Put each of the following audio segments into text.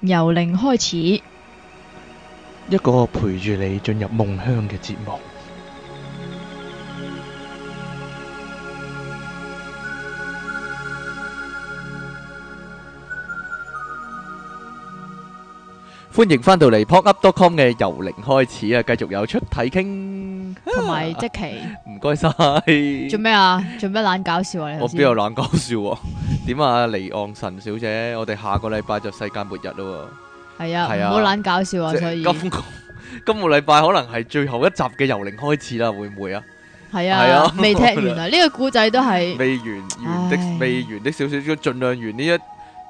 由零開始，一個陪住你進入夢鄉嘅節目。歡迎翻到嚟 PodUp.com 嘅由零開始啊，繼續有出體傾，同埋即琪，唔該晒。做咩啊？做咩懶搞笑啊？我邊有懶搞笑？點啊？黎岸臣小姐，我哋下個禮拜就世界末日咯。係啊，唔好懶搞笑啊！所以今個今個禮拜可能係最後一集嘅由零開始啦，會唔會啊？係啊，未踢完啊，呢個故仔都係未完完的，未完的少少，要盡量完呢一。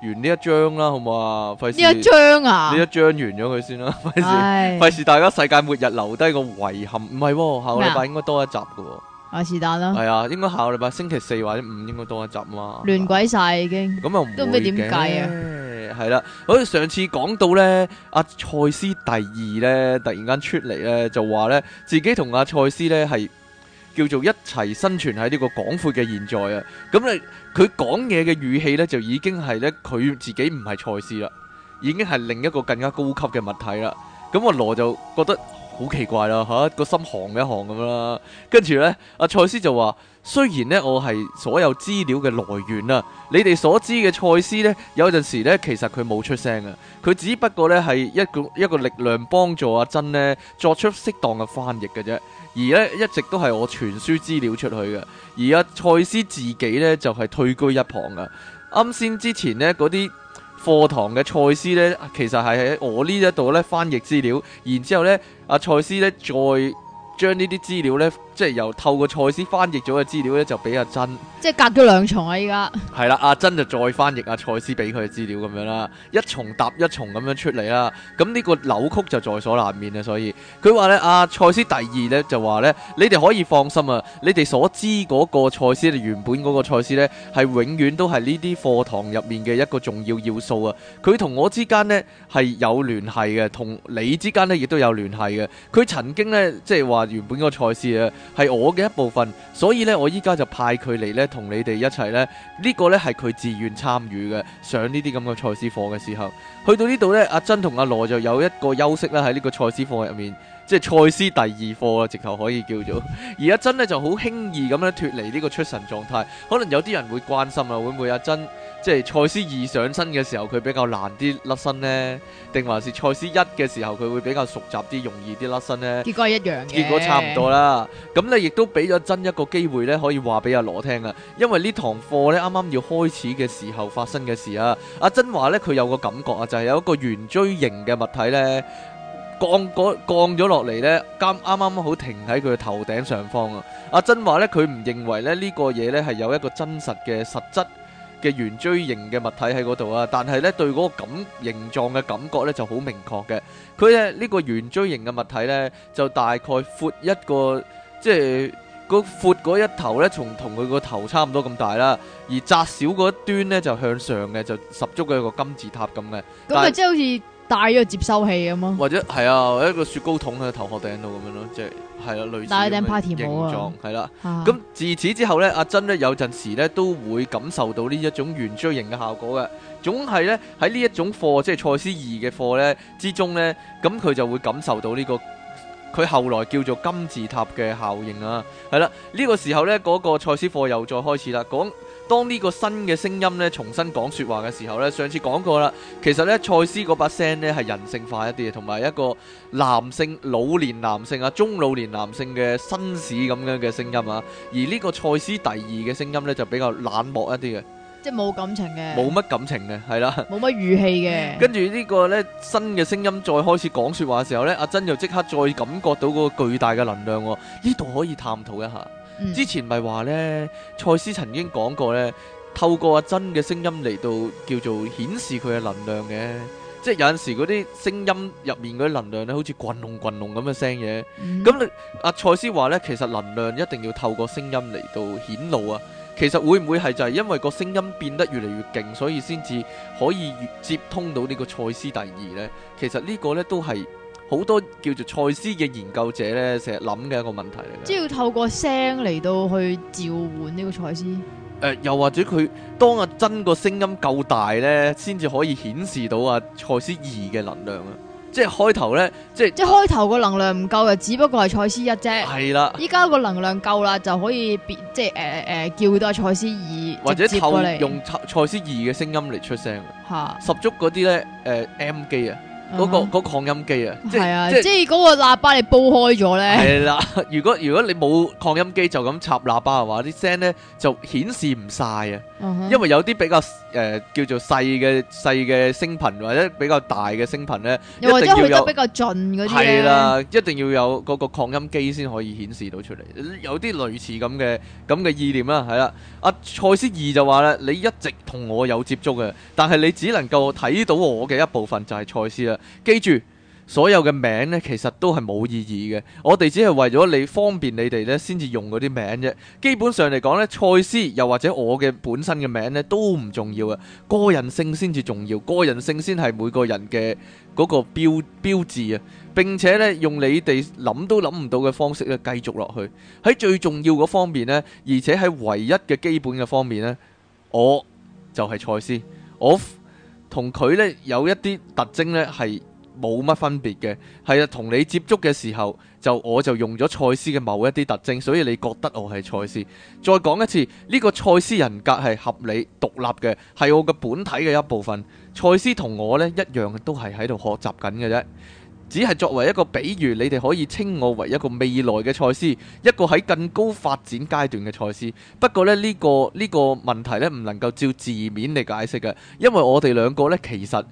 完呢一章啦，好唔好啊？費事呢一章啊，呢一章完咗佢先啦，費事費事，大家世界末日留低個遺憾。唔係，下個禮拜應該多一集噶喎。是但啦，係啊，應該下個禮拜星期四或者五應該多一集嘛。亂鬼晒已經咁又都唔知點計啊。係啦，好似上次講到咧，阿賽斯第二咧，突然間出嚟咧，就話咧自己同阿賽斯咧係。叫做一齊生存喺呢個廣闊嘅現在啊，咁咧佢講嘢嘅語氣咧就已經係咧佢自己唔係賽斯啦，已經係另一個更加高級嘅物體啦。咁阿羅就覺得好奇怪啦吓，個心寒一寒咁啦。跟住咧，阿賽斯就話：雖然咧我係所有資料嘅來源啊，你哋所知嘅賽斯咧，有陣時咧其實佢冇出聲啊。佢只不過咧係一個一個力量幫助阿珍咧作出適當嘅翻譯嘅啫。而咧一直都係我傳輸資料出去嘅，而阿賽斯自己咧就係、是、退居一旁噶。啱先之前咧嗰啲課堂嘅賽斯咧，其實係喺我呢一度咧翻譯資料，然之後咧阿賽斯咧再將呢啲資料咧。即係由透過賽斯翻譯咗嘅資料呢，就俾阿珍。即係隔咗兩重啊！依家係啦，阿珍就再翻譯阿賽斯俾佢嘅資料咁樣啦，一重搭一重咁樣出嚟啦，咁呢個扭曲就在所難免啊！所以佢話呢，阿賽斯第二呢就話呢：「你哋可以放心啊！你哋所知嗰個賽斯原本嗰個賽斯呢係永遠都係呢啲課堂入面嘅一個重要要素啊！佢同我之間呢係有聯繫嘅，同你之間呢亦都有聯繫嘅。」佢曾經呢，即係話原本嗰個賽斯啊。係我嘅一部分，所以呢，我依家就派佢嚟呢，同你哋一齊呢。呢個呢，係佢自願參與嘅，上呢啲咁嘅賽斯課嘅時候，去到呢度呢，阿珍同阿羅就有一個休息啦，喺呢個賽斯課入面，即係賽斯第二課啊，直頭可以叫做。而阿珍呢，就好輕易咁樣脫離呢個出神狀態，可能有啲人會關心啊，會唔會阿珍？即係賽斯二上身嘅時候，佢比較難啲甩身呢？定還是賽斯一嘅時候佢會比較熟習啲，容易啲甩身呢？結果一樣嘅，結果差唔多啦。咁咧 亦都俾咗真一個機會呢，可以話俾阿羅聽啊。因為呢堂課呢，啱啱要開始嘅時候發生嘅事啊。阿珍話呢，佢有個感覺啊，就係、是、有一個圓錐形嘅物體呢，降降咗落嚟呢，啱啱啱好停喺佢嘅頭頂上方啊。阿珍話呢，佢唔認為咧呢、這個嘢呢係有一個真實嘅實質。嘅圓錐形嘅物體喺嗰度啊，但係呢對嗰個感形狀嘅感覺呢就好明確嘅。佢呢、這個圓錐形嘅物體呢，就大概闊一個，即係、個闊嗰一頭呢，從同佢個頭差唔多咁大啦。而窄小嗰一端呢，就向上嘅，就十足嘅一個金字塔咁嘅。咁啊，即係好似。戴一個接收器咁咯，或者係啊，一個雪糕桶喺頭殼頂度咁樣咯，即係係啦，類似戴一頂 party 形狀，係啦。咁了哈哈 自此之後咧，阿珍咧有陣時咧都會感受到呢一種圓錐形嘅效果嘅，總係咧喺呢一種課，即係賽斯二嘅課咧之中咧，咁佢就會感受到呢、這個，佢後來叫做金字塔嘅效應啊。係啦，呢、這個時候咧，嗰、那個賽斯課又再開始啦，講。當呢個新嘅聲音咧重新講說話嘅時候咧，上次講過啦，其實呢，賽斯嗰把聲咧係人性化一啲同埋一個男性，老年男性啊，中老年男性嘅紳士咁樣嘅聲音啊，而呢個賽斯第二嘅聲音呢，就比較冷漠一啲嘅，即係冇感情嘅，冇乜感情嘅，係啦，冇乜語氣嘅，跟住呢個咧新嘅聲音再開始講說話嘅時候呢，阿珍又即刻再感覺到嗰個巨大嘅能量，哦，呢度可以探討一下。之前咪話呢，賽斯曾經講過呢，透過阿珍嘅聲音嚟到叫做顯示佢嘅能量嘅，即係有陣時嗰啲聲音入面嗰啲能量咧,好似滾龍滾龍咁嘅聲嘅,咁你阿賽斯話呢,其實能量一定要透過聲音嚟到顯露啊,其實會唔會係就係因為個聲音變得越嚟越勁,所以先至可以越接通到呢個賽斯第二呢?其實呢個呢都係。好多叫做賽斯嘅研究者咧，成日諗嘅一個問題嚟嘅。即係要透過聲嚟到去召喚呢個賽斯。誒、呃，又或者佢當阿珍個聲音夠大咧，先至可以顯示到啊賽斯二嘅能量啊！即係開頭咧，即係即係開頭個能量唔夠嘅，只不過係賽斯一啫。係啦的，依家個能量夠啦，就可以變即係誒誒叫到阿、啊、賽斯二或者透用賽斯二嘅聲音嚟出聲吓、啊、十足嗰啲咧，誒、呃、M 機啊！嗰個嗰擴音機啊，即係即係嗰個喇叭你煲開咗咧。係啦，如果如果你冇擴音機就咁插喇叭嘅話，啲聲咧就顯示唔曬啊。因為有啲比較誒叫做細嘅細嘅聲頻或者比較大嘅聲頻咧，又或者去得比較盡嗰啲。係啦，一定要有嗰個擴音機先可以顯示到出嚟。有啲類似咁嘅咁嘅意念啦，係啦。阿賽斯二就話咧，你一直同我有接觸嘅，但係你只能夠睇到我嘅一部分，就係賽斯啊。記住所有嘅名呢其實都係冇意義嘅。我哋只係為咗你方便，你哋呢先至用嗰啲名啫。基本上嚟講呢，賽斯又或者我嘅本身嘅名呢都唔重要啊。個人性先至重要，個人性先係每個人嘅嗰個標標誌啊，並且呢，用你哋諗都諗唔到嘅方式咧繼續落去。喺最重要嘅方面呢，而且喺唯一嘅基本嘅方面呢，我就係賽斯，我。同佢呢有一啲特徵呢，係冇乜分別嘅，係啊，同你接觸嘅時候就我就用咗賽斯嘅某一啲特徵。所以你覺得我係賽斯。再講一次，呢個賽斯人格係合理獨立嘅，係我嘅本體嘅一部分。賽斯同我呢一樣都係喺度學習緊嘅啫。只係作為一個比喻，你哋可以稱我為一個未來嘅賽斯，一個喺更高發展階段嘅賽斯。不過咧、呢個，呢個呢個問題呢，唔能夠照字面嚟解釋嘅，因為我哋兩個呢，其實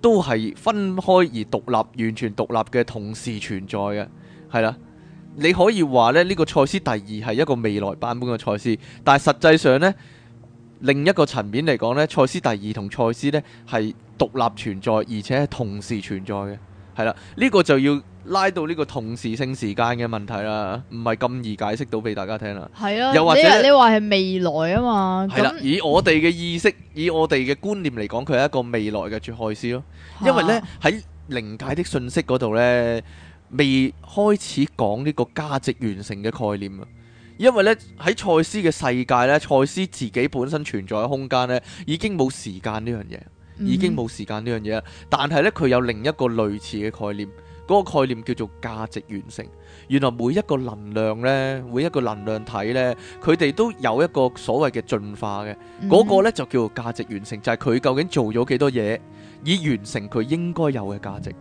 都係分開而獨立、完全獨立嘅同時存在嘅，係啦。你可以話咧，呢個賽斯第二係一個未來版本嘅賽斯，但係實際上呢，另一個層面嚟講呢，賽斯第二同賽斯呢，係獨立存在，而且係同時存在嘅。係啦，呢、這個就要拉到呢個同時性時間嘅問題啦，唔係咁易解釋到俾大家聽啦。啊、又或者你話係未來啊嘛？係啦，以我哋嘅意識，以我哋嘅觀念嚟講，佢係一個未來嘅絕愛斯咯。因為呢，喺靈界的訊息嗰度呢，未開始講呢個價值完成嘅概念啊。因為呢，喺賽斯嘅世界呢，賽斯自己本身存在嘅空間呢，已經冇時間呢樣嘢。已經冇時間呢樣嘢啦，但係呢，佢有另一個類似嘅概念，嗰個概念叫做價值完成。原來每一個能量呢，每一個能量體呢，佢哋都有一個所謂嘅進化嘅，嗰個呢就叫做價值完成，就係佢究竟做咗幾多嘢，以完成佢應該有嘅價值。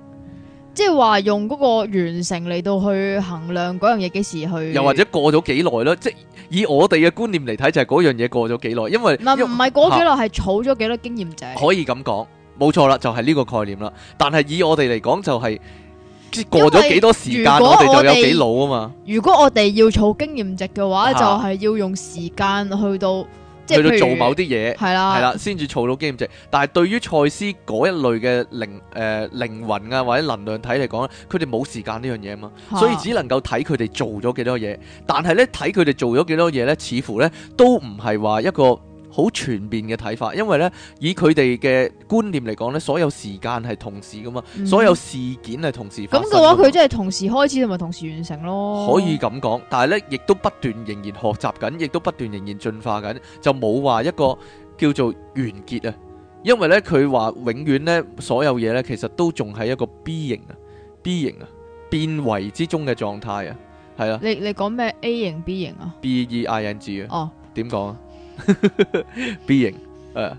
即係話用嗰個完成嚟到去衡量嗰樣嘢幾時去，又或者過咗幾耐囉？即以我哋嘅觀念嚟睇，就係嗰樣嘢過咗幾耐，因為嗱唔係過幾耐，係儲咗幾多經驗值。可以咁講，冇錯啦，就係呢個概念啦。但係以我哋嚟講，就係即係過咗幾多時間，我哋就有幾老啊嘛。如果我哋要儲經驗值嘅話，啊、就係要用時間去到去到做某啲嘢係啦，係啦如，先至做到經驗值。但係對於賽斯嗰一類嘅靈誒、呃、靈魂啊，或者能量體嚟講咧，佢哋冇時間呢樣嘢啊嘛，哈 所以只能夠睇佢哋做咗幾多嘢。但係咧，睇佢哋做咗幾多嘢咧，似乎咧都唔係話一個。好全面嘅睇法，因為呢，以佢哋嘅觀念嚟講呢，所有時間係同時噶嘛，嗯、所有事件係同時發生咁嘅話，佢真係同時開始同埋同時完成咯。可以咁講，但係呢，亦都不斷仍然學習緊，亦都不斷仍然進化緊，就冇話一個叫做完結啊。因為呢，佢話永遠呢，所有嘢呢其實都仲係一個 B 型啊，B 型啊，變為之中嘅狀態啊，係啊。你你講咩 A 型 B 型啊？B E I N G 啊？哦，點講啊？B 型，誒、 啊，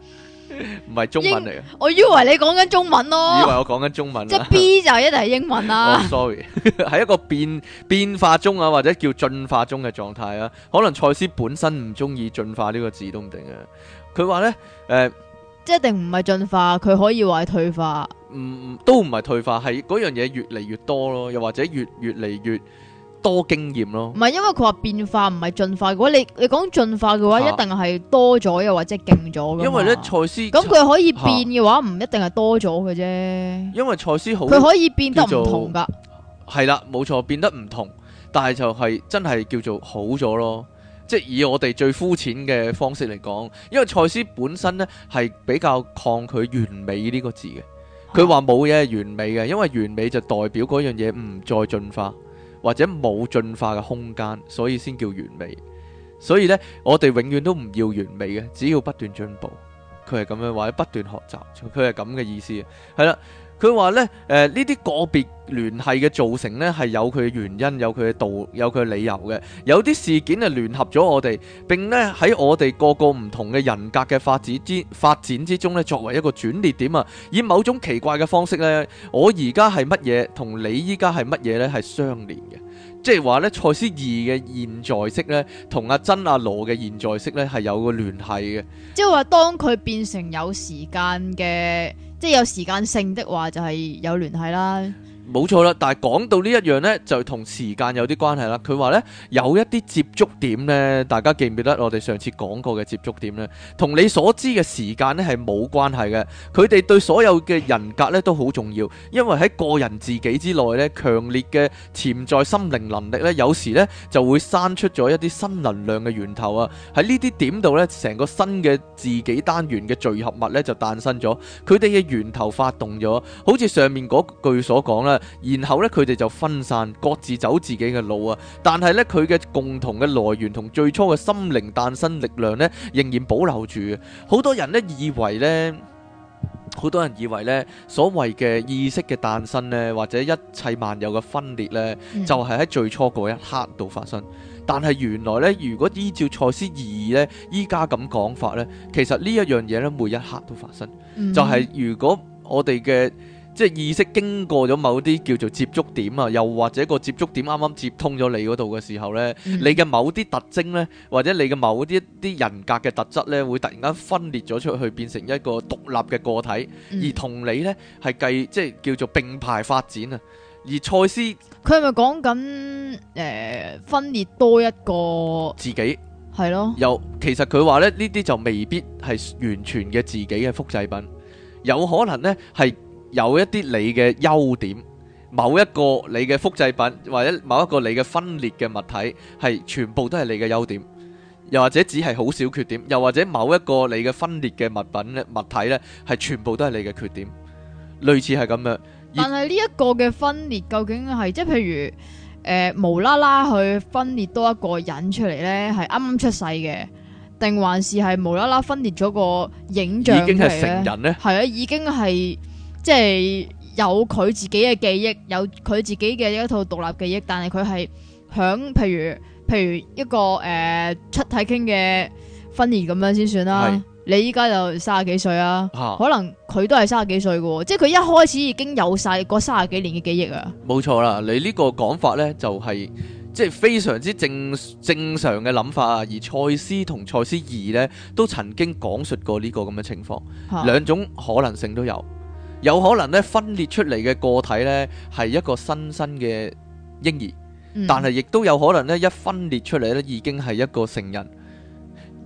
唔係中文嚟嘅，我以為你講緊中文咯，以為我講緊中文，即係 B 就一定係英文啦。 oh, sorry，係 一個變變化中啊，或者叫進化中嘅狀態啊，可能賽斯本身唔中意進化呢個字都唔定嘅。佢話咧，誒、啊，即係一定唔係進化，佢可以話係退化，唔、嗯、都唔係退化，係嗰樣嘢越嚟越多咯，又或者越越嚟越。多經驗咯，唔係因為佢話變化唔係進化嘅話，你你講進化嘅話，一定係多咗又或者勁咗。因為呢，賽斯咁佢可以變嘅話，唔、啊、一定係多咗嘅啫。因為賽斯好，佢可以變得唔同㗎，係啦，冇錯，變得唔同，但係就係真係叫做好咗咯。即係以我哋最膚淺嘅方式嚟講，因為賽斯本身呢係比較抗拒完美呢個字嘅。佢話冇嘢係完美嘅，因為完美就代表嗰樣嘢唔再進化。或者冇進化嘅空間，所以先叫完美。所以呢，我哋永遠都唔要完美嘅，只要不斷進步。佢係咁樣或者不斷學習，佢係咁嘅意思。係啦。佢話咧，誒呢啲、呃、個別聯繫嘅造成咧，係有佢嘅原因，有佢嘅道，有佢嘅理由嘅。有啲事件係聯合咗我哋，並咧喺我哋個個唔同嘅人格嘅發展之發展之中咧，作為一個轉捩點啊，以某種奇怪嘅方式呢，我而家係乜嘢，同你依家係乜嘢呢？係相連嘅。即係話呢，賽斯二嘅現在式呢，同阿珍阿羅嘅現在式呢，係有個聯繫嘅。即係話當佢變成有時間嘅。即係有時間性的話，就係有聯繫啦。冇錯啦，但係講到呢一樣咧，就同時間有啲關係啦。佢話咧，有一啲接觸點咧，大家記唔記得我哋上次講過嘅接觸點咧？同你所知嘅時間咧係冇關係嘅。佢哋對所有嘅人格咧都好重要，因為喺個人自己之內咧，強烈嘅潛在心靈能力咧，有時咧就會生出咗一啲新能量嘅源頭啊！喺呢啲點度咧，成個新嘅自己單元嘅聚合物咧就誕生咗，佢哋嘅源頭發動咗，好似上面句所講啦。然後咧，佢哋就分散，各自走自己嘅路啊！但係咧，佢嘅共同嘅來源同最初嘅心靈誕生力量咧，仍然保留住。好多人咧以為咧，好多人以為咧，所謂嘅意識嘅誕生咧，或者一切萬有嘅分裂咧，mm hmm. 就係喺最初嗰一刻度發生。但係原來咧，如果依照賽斯二咧，依家咁講法咧，其實呢一樣嘢咧，每一刻都發生。Mm hmm. 就係如果我哋嘅。即係意識經過咗某啲叫做接觸點啊，又或者個接觸點啱啱接通咗你嗰度嘅時候咧，你嘅某啲特徵咧，或者你嘅某啲啲人格嘅特質咧，會突然間分裂咗出去，變成一個獨立嘅個體，而同你咧係繼即係叫做並排發展啊。而賽斯佢係咪講緊誒分裂多一個自己？係咯。又其實佢話咧，呢啲就未必係完全嘅自己嘅複製品，有可能咧係。有一啲你嘅優點，某一個你嘅複製品或者某一個你嘅分裂嘅物體，係全部都係你嘅優點，又或者只係好少缺點，又或者某一個你嘅分裂嘅物品咧物體咧，係全部都係你嘅缺點，類似係咁樣。但係呢一個嘅分裂究竟係即係譬如誒、呃、無啦啦去分裂多一個人出嚟咧，係啱啱出世嘅，定還是係無啦啦分裂咗個影像？已經係成人咧，係啊，已經係。即係有佢自己嘅記憶，有佢自己嘅一套獨立記憶，但係佢係響譬如譬如一個誒出、呃、體傾嘅婚宴咁樣先算啦、啊。是你依家就三十幾歲啊，啊可能佢都係三十幾歲嘅，即係佢一開始已經有晒三十幾年嘅記憶啊。冇錯啦，你呢個講法咧就係即係非常之正正常嘅諗法啊。而《賽斯》同《賽斯二》咧都曾經講述過呢個咁嘅情況，兩、啊、種可能性都有。有可能咧分裂出嚟嘅個體咧係一個新生嘅嬰兒，嗯、但係亦都有可能咧一分裂出嚟咧已經係一個成人。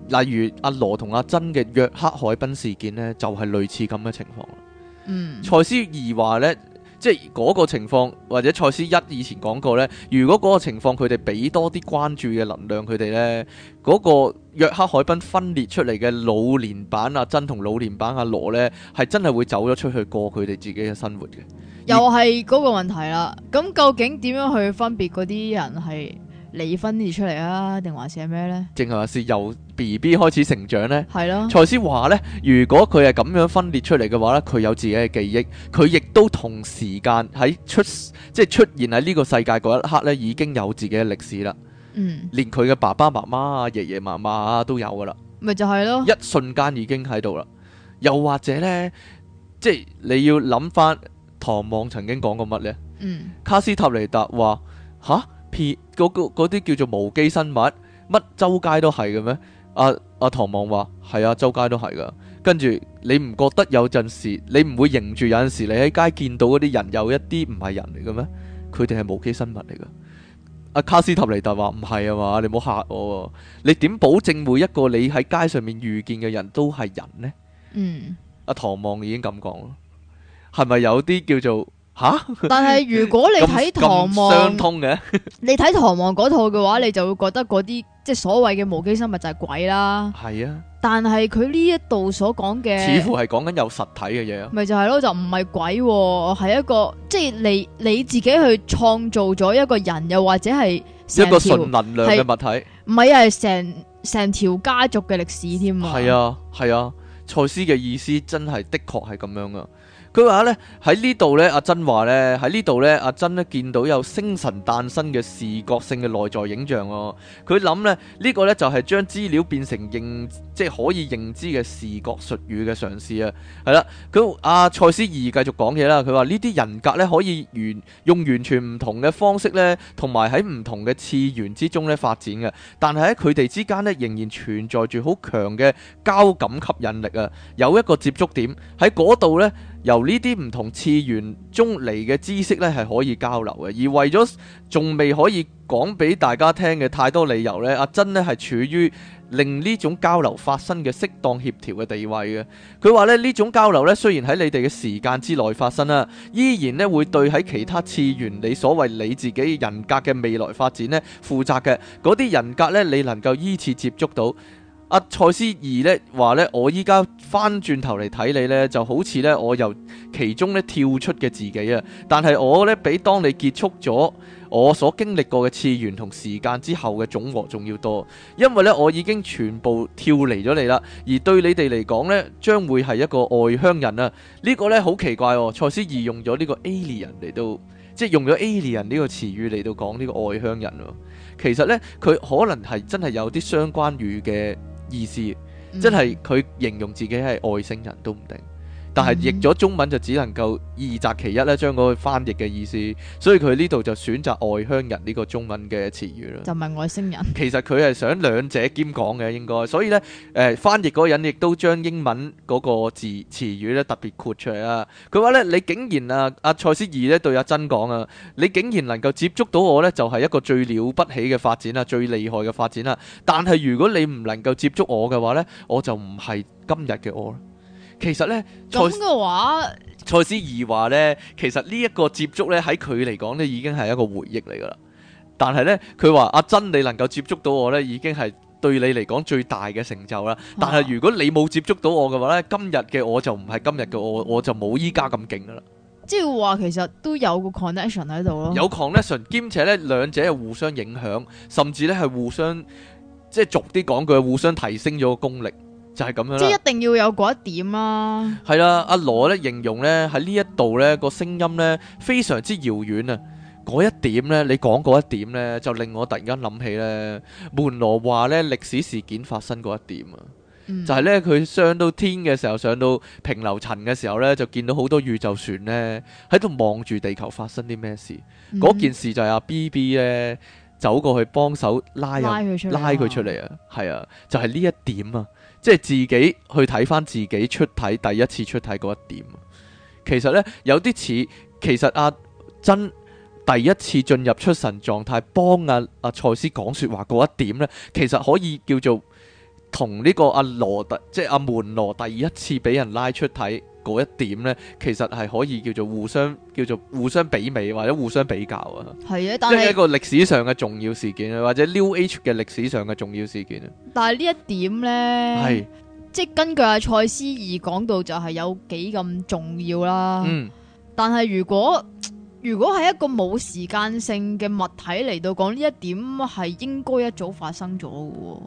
例如阿羅同阿珍嘅約克海濱事件呢就係類似咁嘅情況。賽、嗯、斯二話呢。」即係嗰個情況，或者蔡思一以前講過呢，如果嗰個情況，佢哋俾多啲關注嘅能量，佢哋呢，嗰、那個約克海濱分裂出嚟嘅老年版阿珍同老年版阿羅呢，係真係會走咗出去過佢哋自己嘅生活嘅。又係嗰個問題啦。咁究竟點樣去分別嗰啲人係？你分裂出嚟啊？定還是咩呢？淨係話是由 BB 開始成長呢？係咯的？賽斯話呢，如果佢係咁樣分裂出嚟嘅話呢，佢有自己嘅記憶，佢亦都同時間喺出即係出現喺呢個世界嗰一刻呢已經有自己嘅歷史啦。嗯，連佢嘅爸爸媽媽啊、爺爺嫲嫲啊都有噶啦，咪就係咯。一瞬間已經喺度啦。又或者呢，即係你要諗翻唐望曾經講過乜呢？嗯，卡斯塔尼達話吓。啊 P 嗰啲叫做無機生物，乜周街都係嘅咩？阿、啊、阿、啊、唐望話：係啊，周街都係噶。跟住你唔覺得有陣時你唔會認住，有陣時你喺街見到嗰啲人有一啲唔係人嚟嘅咩？佢哋係無機生物嚟噶。阿、啊、卡斯塔尼特話：唔係啊嘛，你唔好嚇我喎。你點保證每一個你喺街上面遇見嘅人都係人呢？嗯，阿、啊、唐望已經咁講咯，係咪有啲叫做？吓！哈但係如果你睇《唐望》，相通嘅，你睇《唐望》嗰 套嘅話，你就會覺得嗰啲即係所謂嘅無機生物就係鬼啦。係啊，但係佢呢一度所講嘅，似乎係講緊有實體嘅嘢。咪就係咯，就唔係鬼，係一個即係你你自己去創造咗一個人，又或者係一個純能量嘅物體。唔係啊，係成成條家族嘅歷史添啊。係啊，係啊，賽斯嘅意思真係的確係咁樣啊。佢話咧喺呢度呢，阿珍話呢，喺呢度呢，阿珍咧見到有星辰誕生嘅視覺性嘅內在影像哦。佢諗呢，呢、這個呢，就係、是、將資料變成認即係可以認知嘅視覺術語嘅嘗試啊。係啦，佢阿賽斯二繼續講嘢啦。佢話呢啲人格呢，可以完用完全唔同嘅方式呢，同埋喺唔同嘅次元之中呢發展嘅，但係喺佢哋之間呢，仍然存在住好強嘅交感吸引力啊。有一個接觸點喺嗰度呢。由呢啲唔同次元中嚟嘅知識咧，係可以交流嘅。而為咗仲未可以講俾大家聽嘅太多理由咧，阿珍咧係處於令呢種交流發生嘅適當協調嘅地位嘅。佢話咧，呢種交流咧，雖然喺你哋嘅時間之內發生啊，依然咧會對喺其他次元你所謂你自己人格嘅未來發展咧負責嘅。嗰啲人格咧，你能夠依次接觸到。賽斯佢咧話咧，我依家翻轉頭嚟睇你呢，就好似呢，我由其中咧跳出嘅自己啊！但係我呢，比當你結束咗我所經歷過嘅次元同時間之後嘅總和仲要多，因為呢，我已經全部跳離咗你啦。而對你哋嚟講呢，將會係一個外鄉人啊！呢個呢，好奇怪哦，賽斯佢用咗呢個 alien 嚟到，即係用咗 alien 呢個詞語嚟到講呢個外鄉人喎。其實呢，佢可能係真係有啲相關語嘅。意思，即係佢形容自己係外星人都唔定。但係譯咗中文就只能夠二擇其一咧，將個翻譯嘅意思，所以佢呢度就選擇外鄉人呢個中文嘅詞語啦。就唔係外星人。其實佢係想兩者兼講嘅應該，所以咧誒、呃，翻譯嗰人亦都將英文嗰個字詞語咧特別括出嚟啊！佢話咧，你竟然啊阿、啊、賽斯咧對阿珍講啊，你竟然能夠接觸到我咧，就係、是、一個最了不起嘅發展啊，最厲害嘅發展啦。但係如果你唔能夠接觸我嘅話咧，我就唔係今日嘅我。其實呢，咁嘅話，賽斯話呢，其實呢一個接觸呢，喺佢嚟講呢，已經係一個回憶嚟噶啦。但係呢，佢話阿珍，你能夠接觸到我呢，已經係對你嚟講最大嘅成就啦。但係如果你冇接觸到我嘅話呢，今日嘅我就唔係今日嘅我，我就冇依家咁勁噶啦。即係話其實都有個 connection 喺度咯，有 connection，兼且呢，兩者係互相影響，甚至呢係互相即係俗啲講句，互相提升咗個功力。就係咁樣，即係一定要有嗰一點啊，係啦，阿羅咧形容咧喺呢一度咧個聲音咧非常之遙遠啊！嗰一點咧你講嗰一點咧就令我突然間諗起咧門羅話咧歷史事件發生嗰一點啊，嗯、就係咧佢上到天嘅時候，上到平流層嘅時候咧就見到好多宇宙船咧喺度望住地球發生啲咩事。嗰、嗯、件事就係阿 BB 咧走過去幫手拉拉佢出嚟、啊，拉佢出嚟啊！係啊，就係、是、呢一點，點啊！即係自己去睇翻自己出體，第一次出體嗰一點，其實呢，有啲似，其實阿、啊、珍第一次進入出神狀態幫阿阿賽斯講說話嗰一點呢，其實可以叫做同呢個阿、啊、羅特，即係阿、啊、門羅第一次俾人拉出體。嗰一點呢，其實係可以叫做互相叫做互相媲美或者互相比較啊。係啊，但即係一個歷史上嘅重要事件啊，或者 New Age 嘅歷史上嘅重要事件啊。但係呢一點呢，係的即根據阿賽斯怡講到就係有幾咁重要啦。嗯，但係如果如果係一個冇時間性嘅物體嚟到講呢一點，係應該一早發生咗嘅。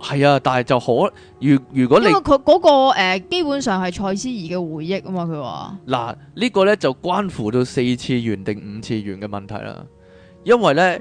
係啊，但係就可，如如果你因為佢嗰、那個誒、呃，基本上係賽斯嘅回憶啊嘛，佢話嗱呢個呢就關乎到四次元定五次元嘅問題啦。因為呢，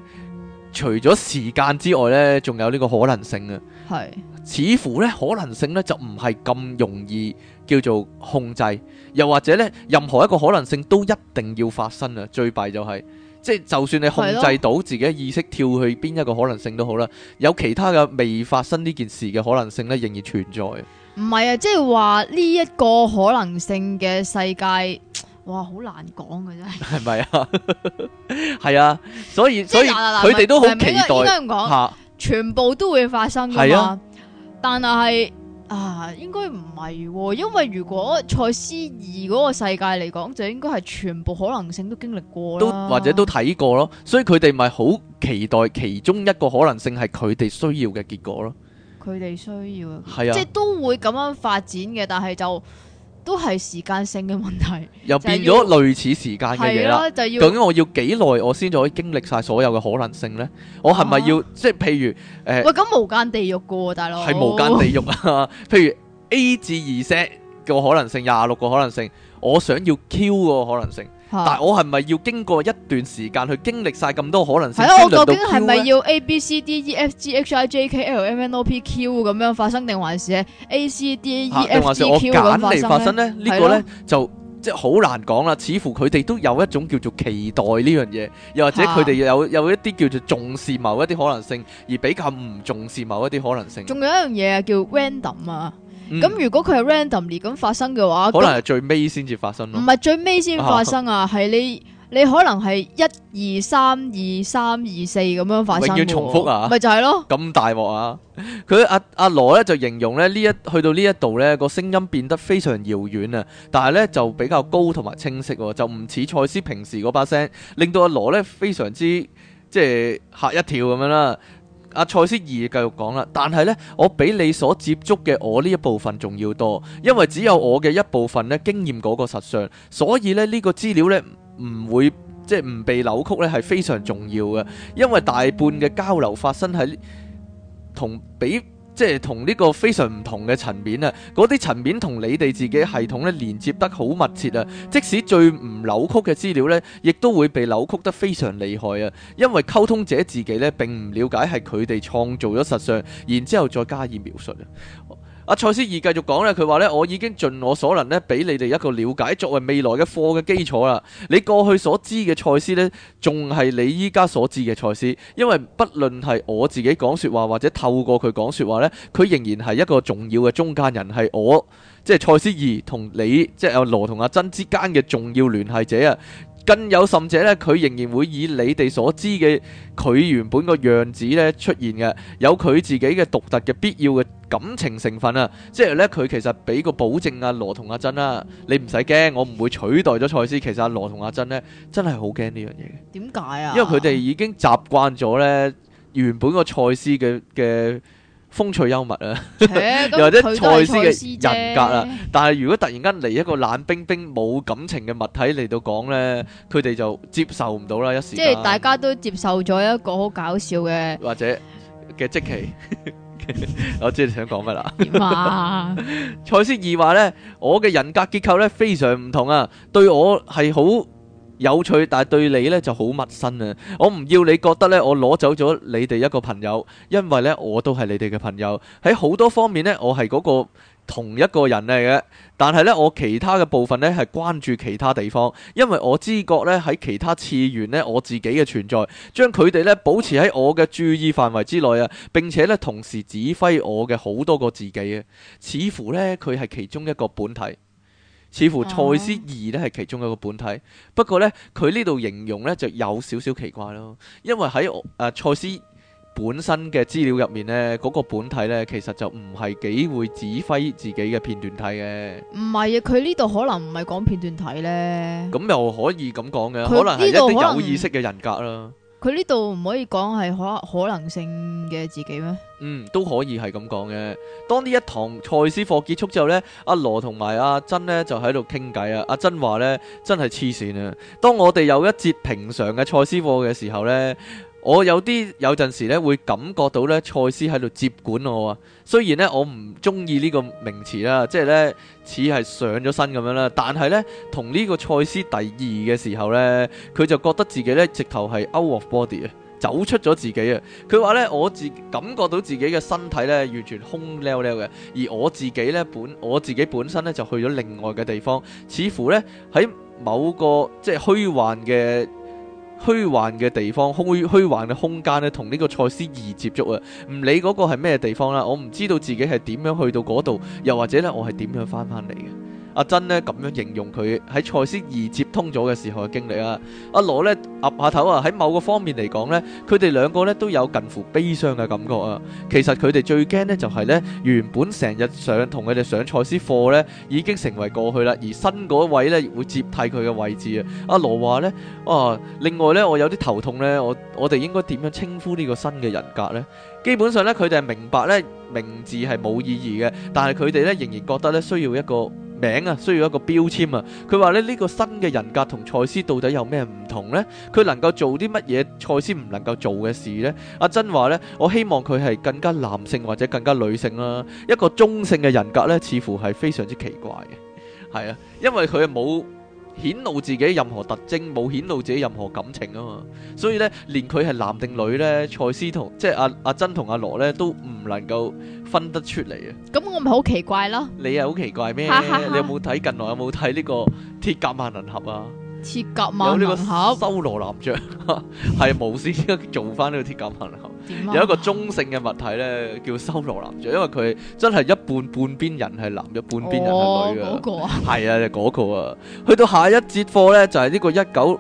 除咗時間之外呢，仲有呢個可能性啊。係是，似乎呢可能性呢就唔係咁容易叫做控制，又或者呢，任何一個可能性都一定要發生啊。最弊就係、是。即係就算你控制到自己意識跳去邊一個可能性都好啦，有其他嘅未發生呢件事嘅可能性咧，仍然存在。唔係啊，即係話呢一個可能性嘅世界，哇，好難講嘅啫。係咪啊？係 啊，所以 所以佢哋都好期待。係咪應該咁講，全部都會發生㗎嘛。啊。但係。啊，應該唔係喎，因為如果賽斯二嗰個世界嚟講，就應該係全部可能性都經歷過啦，或者都睇過咯，所以佢哋咪好期待其中一個可能性係佢哋需要嘅結果咯，佢哋需要啊，係啊，即係都會咁樣發展嘅，但係就。都係時間性嘅問題，又變咗類似時間嘅嘢啦。啊、就要究竟我要幾耐，我先至可以經歷晒所有嘅可能性咧？我係咪要、啊、即係？譬如誒，呃、喂，咁無間地獄噶，大佬係無間地獄啊！ 譬如 A 至 Z 個可能性，廿六個可能性，我想要 Q 個可能性。但係我係咪要經過一段時間去經歷晒咁多可能性，啊？係咯，我究竟係咪要 A B C D E F G H I J K L M N O P Q 咁樣發生定還是 A C D E F G Q 咁樣發生咧？啊、生呢、呢個咧、啊、就即係好難講啦。似乎佢哋都有一種叫做期待呢樣嘢，又或者佢哋有有一啲叫做重視某一啲可能性，而比較唔重視某一啲可能性。仲有一樣嘢啊，叫 random 啊。咁、嗯、如果佢係 randomly 咁發生嘅話，可能係最尾先至發生咯。唔係最尾先發生啊，係、啊、你你可能係一二三二三二四咁樣發生。永遠要重複啊，咪就係咯。咁大鑊啊！佢阿阿羅咧就形容咧呢一去到一呢一度咧，個聲音變得非常遙遠啊，但係咧就比較高同埋清晰喎，就唔似賽斯平時嗰把聲，令到阿、啊、羅咧非常之即係嚇一跳咁樣啦。阿賽斯儀繼續講啦，但係呢，我比你所接觸嘅我呢一部分仲要多，因為只有我嘅一部分呢經驗嗰個實相，所以呢，呢、呢個資料呢唔會即係唔被扭曲呢係非常重要嘅，因為大半嘅交流發生喺同比。即係同呢個非常唔同嘅層面啊，嗰啲層面同你哋自己系統呢連接得好密切啊，即使最唔扭曲嘅資料呢，亦都會被扭曲得非常厲害啊，因為溝通者自己呢，並唔了解係佢哋創造咗實相，然之後再加以描述啊。阿賽斯二繼續講咧，佢話咧：我已經盡我所能咧，俾你哋一個了解作為未來嘅課嘅基礎啦。你過去所知嘅賽斯呢，仲係你依家所知嘅賽斯，因為不論係我自己講説話或者透過佢講説話呢，佢仍然係一個重要嘅中間人，係我即係、就是、賽斯二同你即係阿羅同阿珍之間嘅重要聯繫者啊。更有甚者咧，佢仍然會以你哋所知嘅佢原本個樣子咧出現嘅，有佢自己嘅獨特嘅必要嘅感情成分啊！即係咧，佢其實俾個保證啊，羅同阿珍啊，你唔使驚，我唔會取代咗賽斯。其實阿羅同阿珍咧，真係好驚呢樣嘢。點解啊？因為佢哋已經習慣咗咧原本個賽斯嘅嘅。風趣幽默啊，又或者賽斯嘅人格啊，但係如果突然間嚟一個冷冰冰冇感情嘅物體嚟到講咧，佢哋就接受唔到啦。一時即係大家都接受咗一個好搞笑嘅或者嘅即期，我知你想講乜啦？賽斯二話咧，我嘅人格結構咧非常唔同啊，對我係好有趣，但係對你咧就好陌生啊！我唔要你覺得咧，我攞走咗你哋一個朋友，因為咧我都係你哋嘅朋友。喺好多方面呢，我係嗰個同一個人嚟嘅，但係咧我其他嘅部分呢係關注其他地方，因為我知覺咧喺其他次元呢，我自己嘅存在，將佢哋咧保持喺我嘅注意範圍之內啊，並且咧同時指揮我嘅好多個自己啊，似乎呢，佢係其中一個本體。似乎賽斯二呢係其中一個本體，啊、不過呢，佢呢度形容呢就有少少奇怪咯，因為喺誒賽斯本身嘅資料入面呢，嗰、嗰個本體呢其實就唔係幾會指揮自己嘅片段體嘅。唔係啊，佢呢度可能唔係講片段體呢，咁又可以咁講嘅，這可能係一啲有意識嘅人格啦。佢呢度唔可以講係可可能性嘅自己咩？嗯，都可以係咁講嘅。當呢一堂賽斯課結束之後呢，阿羅同埋阿珍呢就喺度傾偈啊。阿珍話呢，真係黐線啊！當我哋有一節平常嘅賽斯課嘅時候呢。我有啲有陣時咧，會感覺到咧賽斯喺度接管我啊。雖然咧我唔中意呢個名詞啦、啊，即係咧似係上咗身咁樣啦，但係咧同呢個賽斯第二嘅時候咧，佢就覺得自己咧直頭係 out of body 啊，走出咗自己啊。佢話咧，我自感覺到自己嘅身體咧完全空溜溜嘅，而我自己咧本我自己本身咧就去咗另外嘅地方，似乎咧喺某個即係虛幻嘅。虛幻嘅地方，虛虛幻嘅空間咧，同呢個賽斯二接觸啊！唔理嗰個係咩地方啦，我唔知道自己係點樣去到嗰度，又或者咧，我係點樣返返嚟嘅。阿珍呢，咁樣形容佢喺賽斯二接通咗嘅時候嘅經歷啊。阿羅呢，揼下頭啊，喺某個方面嚟講呢，佢哋兩個呢都有近乎悲傷嘅感覺啊。其實佢哋最驚呢，就係呢，原本成日上同佢哋上賽斯課呢，已經成為過去啦，而新嗰位呢會接替佢嘅位置啊。阿羅話呢，啊，另外呢，我有啲頭痛呢，我我哋應該點樣稱呼呢個新嘅人格呢？基本上呢，佢哋係明白呢，名字係冇意義嘅，但係佢哋呢，仍然覺得呢，需要一個。名啊，需要一個標籤啊。佢話咧呢、這個新嘅人格同賽斯到底有咩唔同呢？佢能夠做啲乜嘢賽斯唔能夠做嘅事呢？阿珍話呢，我希望佢係更加男性或者更加女性啦、啊。一個中性嘅人格呢，似乎係非常之奇怪嘅。係 啊，因為佢冇。顯露自己任何特徵，冇顯露自己任何感情啊嘛，所以咧，連佢係男定女咧，賽斯同即係阿阿珍同阿羅咧，都唔能夠分得出嚟啊！咁我咪好奇怪咯，你又好奇怪咩？啊啊啊、你有冇睇近來有冇睇呢個鐵甲萬能俠啊？鐵甲萬俠，修羅男爵 無、啊，係巫師而家做翻呢個鐵甲萬俠，有一個中性嘅物體咧，叫修羅男爵，因為佢真係一半半邊人係男，一半邊人係女噶、哦，係、那個、啊，嗰、那個啊，去到下一節課咧，就係呢個一九。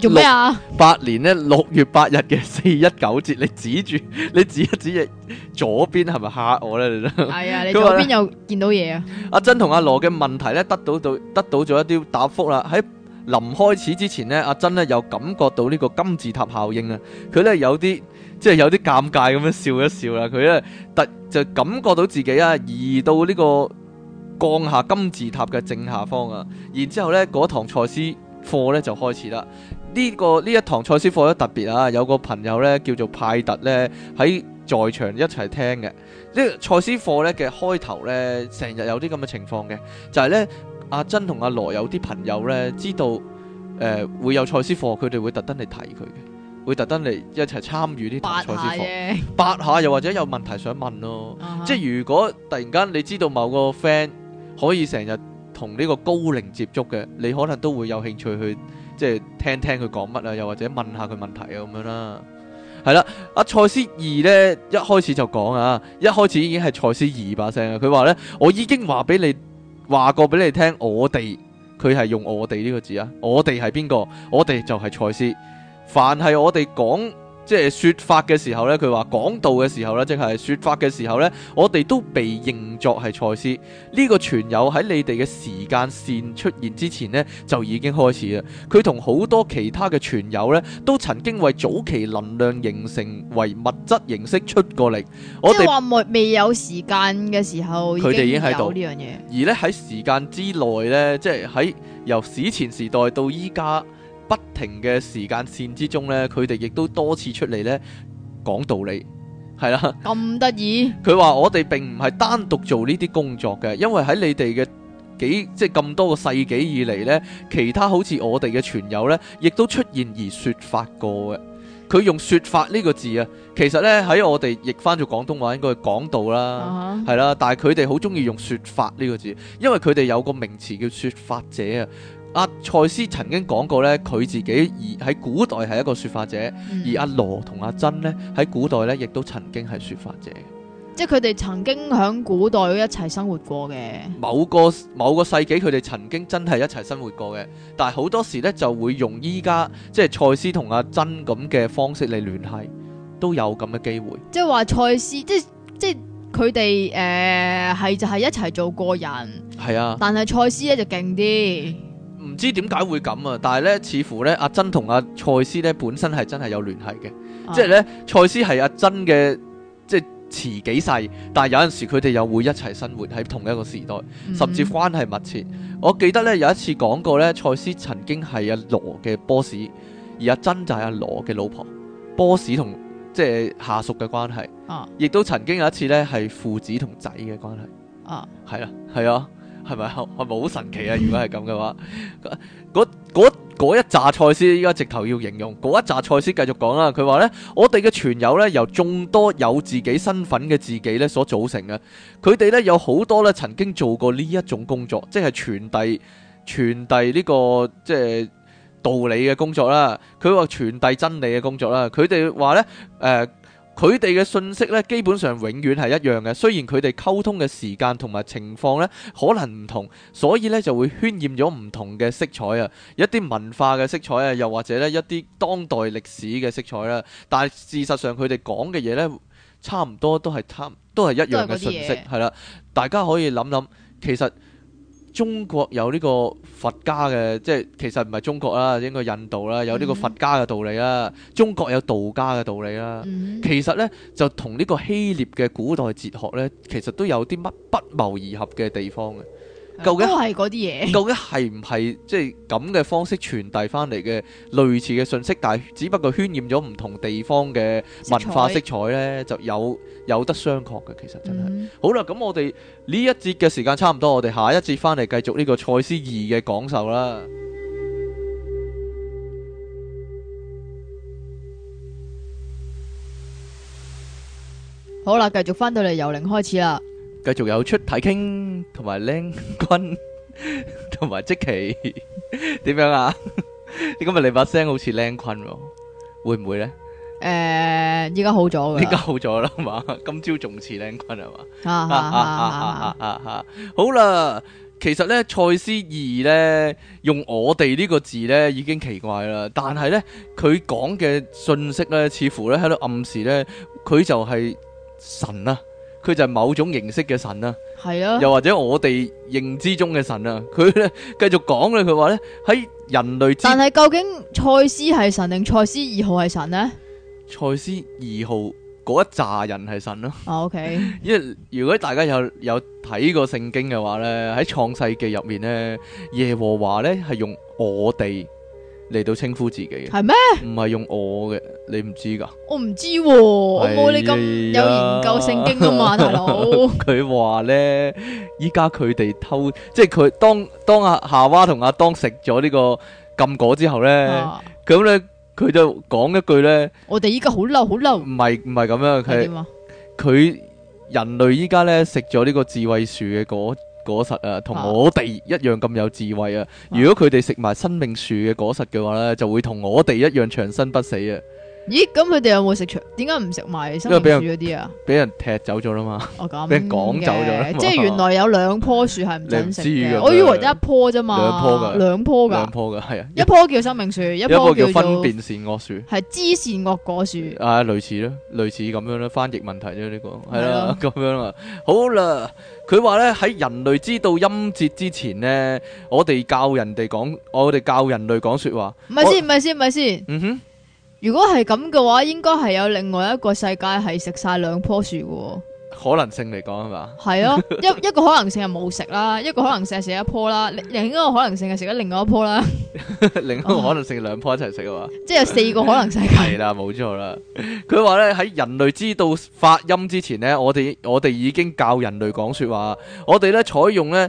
做咩啊？八年咧，六月八日嘅四一九節，你指住，你指一指嘅左邊係咪嚇我咧？你都係啊，你左邊有見到嘢啊？阿珍同阿羅嘅問題咧，得到到得到咗一啲答覆啦。喺臨開始之前咧，阿珍咧又感覺到呢個金字塔效應啊，佢咧有啲即係有啲尷尬咁樣笑一笑啦。佢咧突就感覺到自己啊移到呢個降下金字塔嘅正下方啊，然之後咧嗰堂賽斯。課咧就開始啦，呢、這個呢一堂賽斯課都特別啊，有個朋友咧叫做派特咧喺在，在場一齊聽嘅，這個、賽課、呢賽斯課咧嘅開頭咧成日有啲咁嘅情況嘅，就係、是、咧阿珍同阿羅有啲朋友咧知道誒、呃、會有賽斯課，佢哋會特登嚟睇佢嘅，會特登嚟一齊參與呢堂賽斯課，八下，八下又或者有問題想問咯，uh huh. 即係如果突然間你知道某個 friend 可以成日。同呢個高靈接觸嘅，你可能都會有興趣去，即係聽聽佢講乜啊，又或者問下佢問題啊咁樣啦。係啦，阿賽斯二呢，一開始就講啊，一開始已經係賽斯二把聲啊。佢話呢：「我已經話俾你，話過俾你聽，我哋佢係用我哋呢個字啊，我哋係邊個？我哋就係賽斯，凡係我哋講，即係説法嘅時候呢，佢話講道嘅時候呢，即係説法嘅時候呢，我哋都被認作係賽斯呢。呢個傳友喺你哋嘅時間線出現之前呢，就已經開始啦。佢同好多其他嘅傳友呢，都曾經為早期能量形成為物質形式出過力。我哋即係話未有時間嘅時候，佢哋已經喺度。而呢喺時間之內呢，即係喺由史前時代到依家。不停嘅時間線之中呢，佢哋亦都多次出嚟呢講道理，係啦。咁得意。佢話我哋並唔係單獨做呢啲工作嘅，因為喺你哋嘅幾即係咁多個世紀以嚟呢，其他好似我哋嘅傳友呢，亦都出現而說法過嘅。佢用說法呢個字啊，其實呢喺我哋譯翻做廣東話應該係講道啦，係啦，uh huh。但係佢哋好中意用說法呢個字，因為佢哋有個名詞叫說法者啊。阿賽、啊、斯曾經講過呢，佢自己而喺古代係一個説法者，嗯、而阿、啊、羅同阿珍呢，喺古代呢亦都曾經係説法者，即係佢哋曾經喺古代一齊生活過嘅。某個某個世紀，佢哋曾經真係一齊生活過嘅，但係好多時呢，就會用依家即係賽斯同阿珍咁嘅方式嚟聯繫，都有咁嘅機會。即係話賽斯，即即係佢哋誒係就係一齊做過人，係是啊，但係賽斯呢就勁啲。唔知點解會咁啊！但係咧，似乎咧，阿珍同阿賽斯咧本身係真係有聯繫嘅、啊，即係咧，賽斯係阿珍嘅即係前幾世，但係有陣時佢哋又會一齊生活喺同一個時代，甚至關係密切。嗯、我記得咧有一次講過咧，賽斯曾經係阿羅嘅 boss，而阿珍就係阿羅嘅老婆，boss 同即係下屬嘅關係。啊、亦都曾經有一次咧係父子同仔嘅關係。哦，係啊，係啊。啊。係咪係咪好神奇啊？如果係咁嘅話，嗰一扎賽斯，依家直頭要形容嗰一扎賽斯繼續講啦。佢話呢：「我哋嘅傳友呢，由眾多有自己身份嘅自己所呢所組成嘅。佢哋呢有好多呢曾經做過呢一種工作，即係傳遞傳遞呢個即係道理嘅工作啦。佢話傳遞真理嘅工作啦。佢哋話呢。誒、呃。佢哋嘅信息呢，基本上永遠係一樣嘅。雖然佢哋溝通嘅時間同埋情況呢可能唔同，所以呢就會渲染咗唔同嘅色彩啊，一啲文化嘅色彩啊，又或者呢一啲當代歷史嘅色彩啦。但係事實上佢哋講嘅嘢呢，差唔多都係差都係一樣嘅信息，係啦。大家可以諗諗，其實。中國有呢個佛家嘅，即係其實唔係中國啦，應該印度啦，有呢個佛家嘅道理啦。中國有道家嘅道理啦。其實呢，就同呢個希臘嘅古代哲學呢，其實都有啲乜不謀而合嘅地方嘅。究竟係嗰啲嘢？究竟係唔係即係咁嘅方式傳遞翻嚟嘅類似嘅信息？但係只不過渲染咗唔同地方嘅文化色彩呢，彩就有有得商榷嘅。其實真係、嗯、好啦，咁我哋呢一節嘅時間差唔多，我哋下一節翻嚟繼續呢個《賽斯二》嘅講授啦。好啦，繼續翻到嚟由零開始啦。繼續有出睇傾，同埋靚坤，同埋積奇，點 樣啊？ 你今日你把聲好似靚坤喎，會唔會咧？誒、呃，而家好咗嘅，而家好咗啦嘛？今朝仲似靚坤係嘛？好啦，其實咧，賽斯咧用我哋呢個字咧已經奇怪啦，但係咧佢講嘅信息咧，似乎咧喺度暗示咧，佢就係神啊！佢就係某種形式嘅神啦，係啊，是啊，又或者我哋認知中嘅神啊，佢咧繼續講咧，佢話咧喺人類，但係究竟賽斯係神定賽斯二號係神呢？賽斯二號嗰一紮人係神咯、啊啊。OK，因為如果大家有有睇過聖經嘅話咧，喺創世記入面咧，耶和華咧係用我哋。嚟到稱呼自己係咩？唔係嗎用我嘅，你唔知噶？我唔知、啊， 我冇你咁有研究聖經啊嘛，大佬。佢話咧，依家佢哋偷，即係佢當當阿夏娃同阿當食咗呢個禁果之後咧，咁咧佢就講一句咧，我哋依家好嬲，好嬲。唔係唔係咁樣，佢佢、啊、人類依家咧食咗呢個智慧樹嘅果。果實啊，同我哋一樣咁有智慧啊！如果佢哋食埋生命樹嘅果實嘅話呢，就會同我哋一樣長生不死啊！咦，咁佢哋有冇食？點解唔食埋生命樹嗰啲啊？俾人踢走咗啦嘛！俾人趕走咗，即係原來有兩棵樹係唔准食嘅。我以為得一棵啫嘛，兩棵噶，兩棵噶，兩棵噶，係啊，一棵叫生命樹，一棵叫分辨善惡樹，係知善惡果樹，係類似咯，類似咁樣咯，翻譯問題啫呢個，係啦，咁樣啊。好啦，佢話咧喺人類知道音節之前咧，我哋教人哋講，我哋教人類講說話。唔係先，唔係先，唔係先。嗯哼。如果係咁嘅話，應該係有另外一個世界係食晒兩棵樹嘅可能性嚟講係嘛？係啊， 一一個可能性係冇食啦，一個可能性係食一,一棵啦，另一個可能性係食咗另外一棵啦， 另一個可能性兩棵一齊食啊嘛，即係有四個可能世界。係啦，冇錯啦。佢話咧喺人類知道發音之前咧，我哋我哋已經教人類講說話，我哋咧採用咧，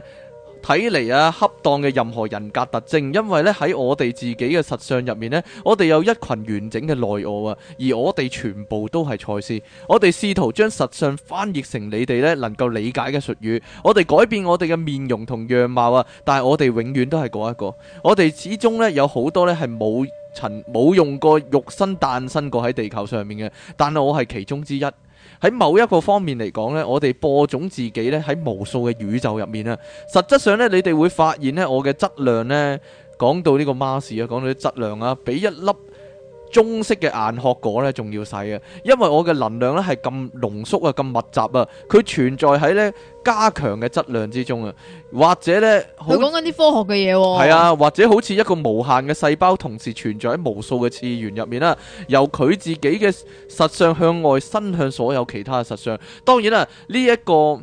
睇嚟啊，恰當嘅任何人格特徵，因為呢，喺我哋自己嘅實相入面呢，我哋有一群完整嘅內我啊，而我哋全部都係賽斯，我哋試圖將實相翻譯成你哋呢能夠理解嘅術語，我哋改變我哋嘅面容同樣貌啊，但係我哋永遠都係嗰一個，我哋始終呢，有好多呢係冇曾冇用過肉身誕生過喺地球上面嘅，但係我係其中之一。喺某一個方面嚟講咧，我哋播種自己咧喺無數嘅宇宙入面啊，實質上咧，你哋會發現咧，我嘅質量咧，講到呢個 mass 啊，講到啲質量啊，俾一粒。中式嘅硬殼果咧，仲要細啊！因為我嘅能量咧係咁濃縮啊、咁密集啊，佢存在喺咧加強嘅質量之中啊，或者咧佢講緊啲科學嘅嘢喎，係啊，或者好似一個無限嘅細胞同時存在喺無數嘅次元入面啦、啊，由佢自己嘅實相向外伸向所有其他嘅實相，當然啦、啊，呢、這、一個。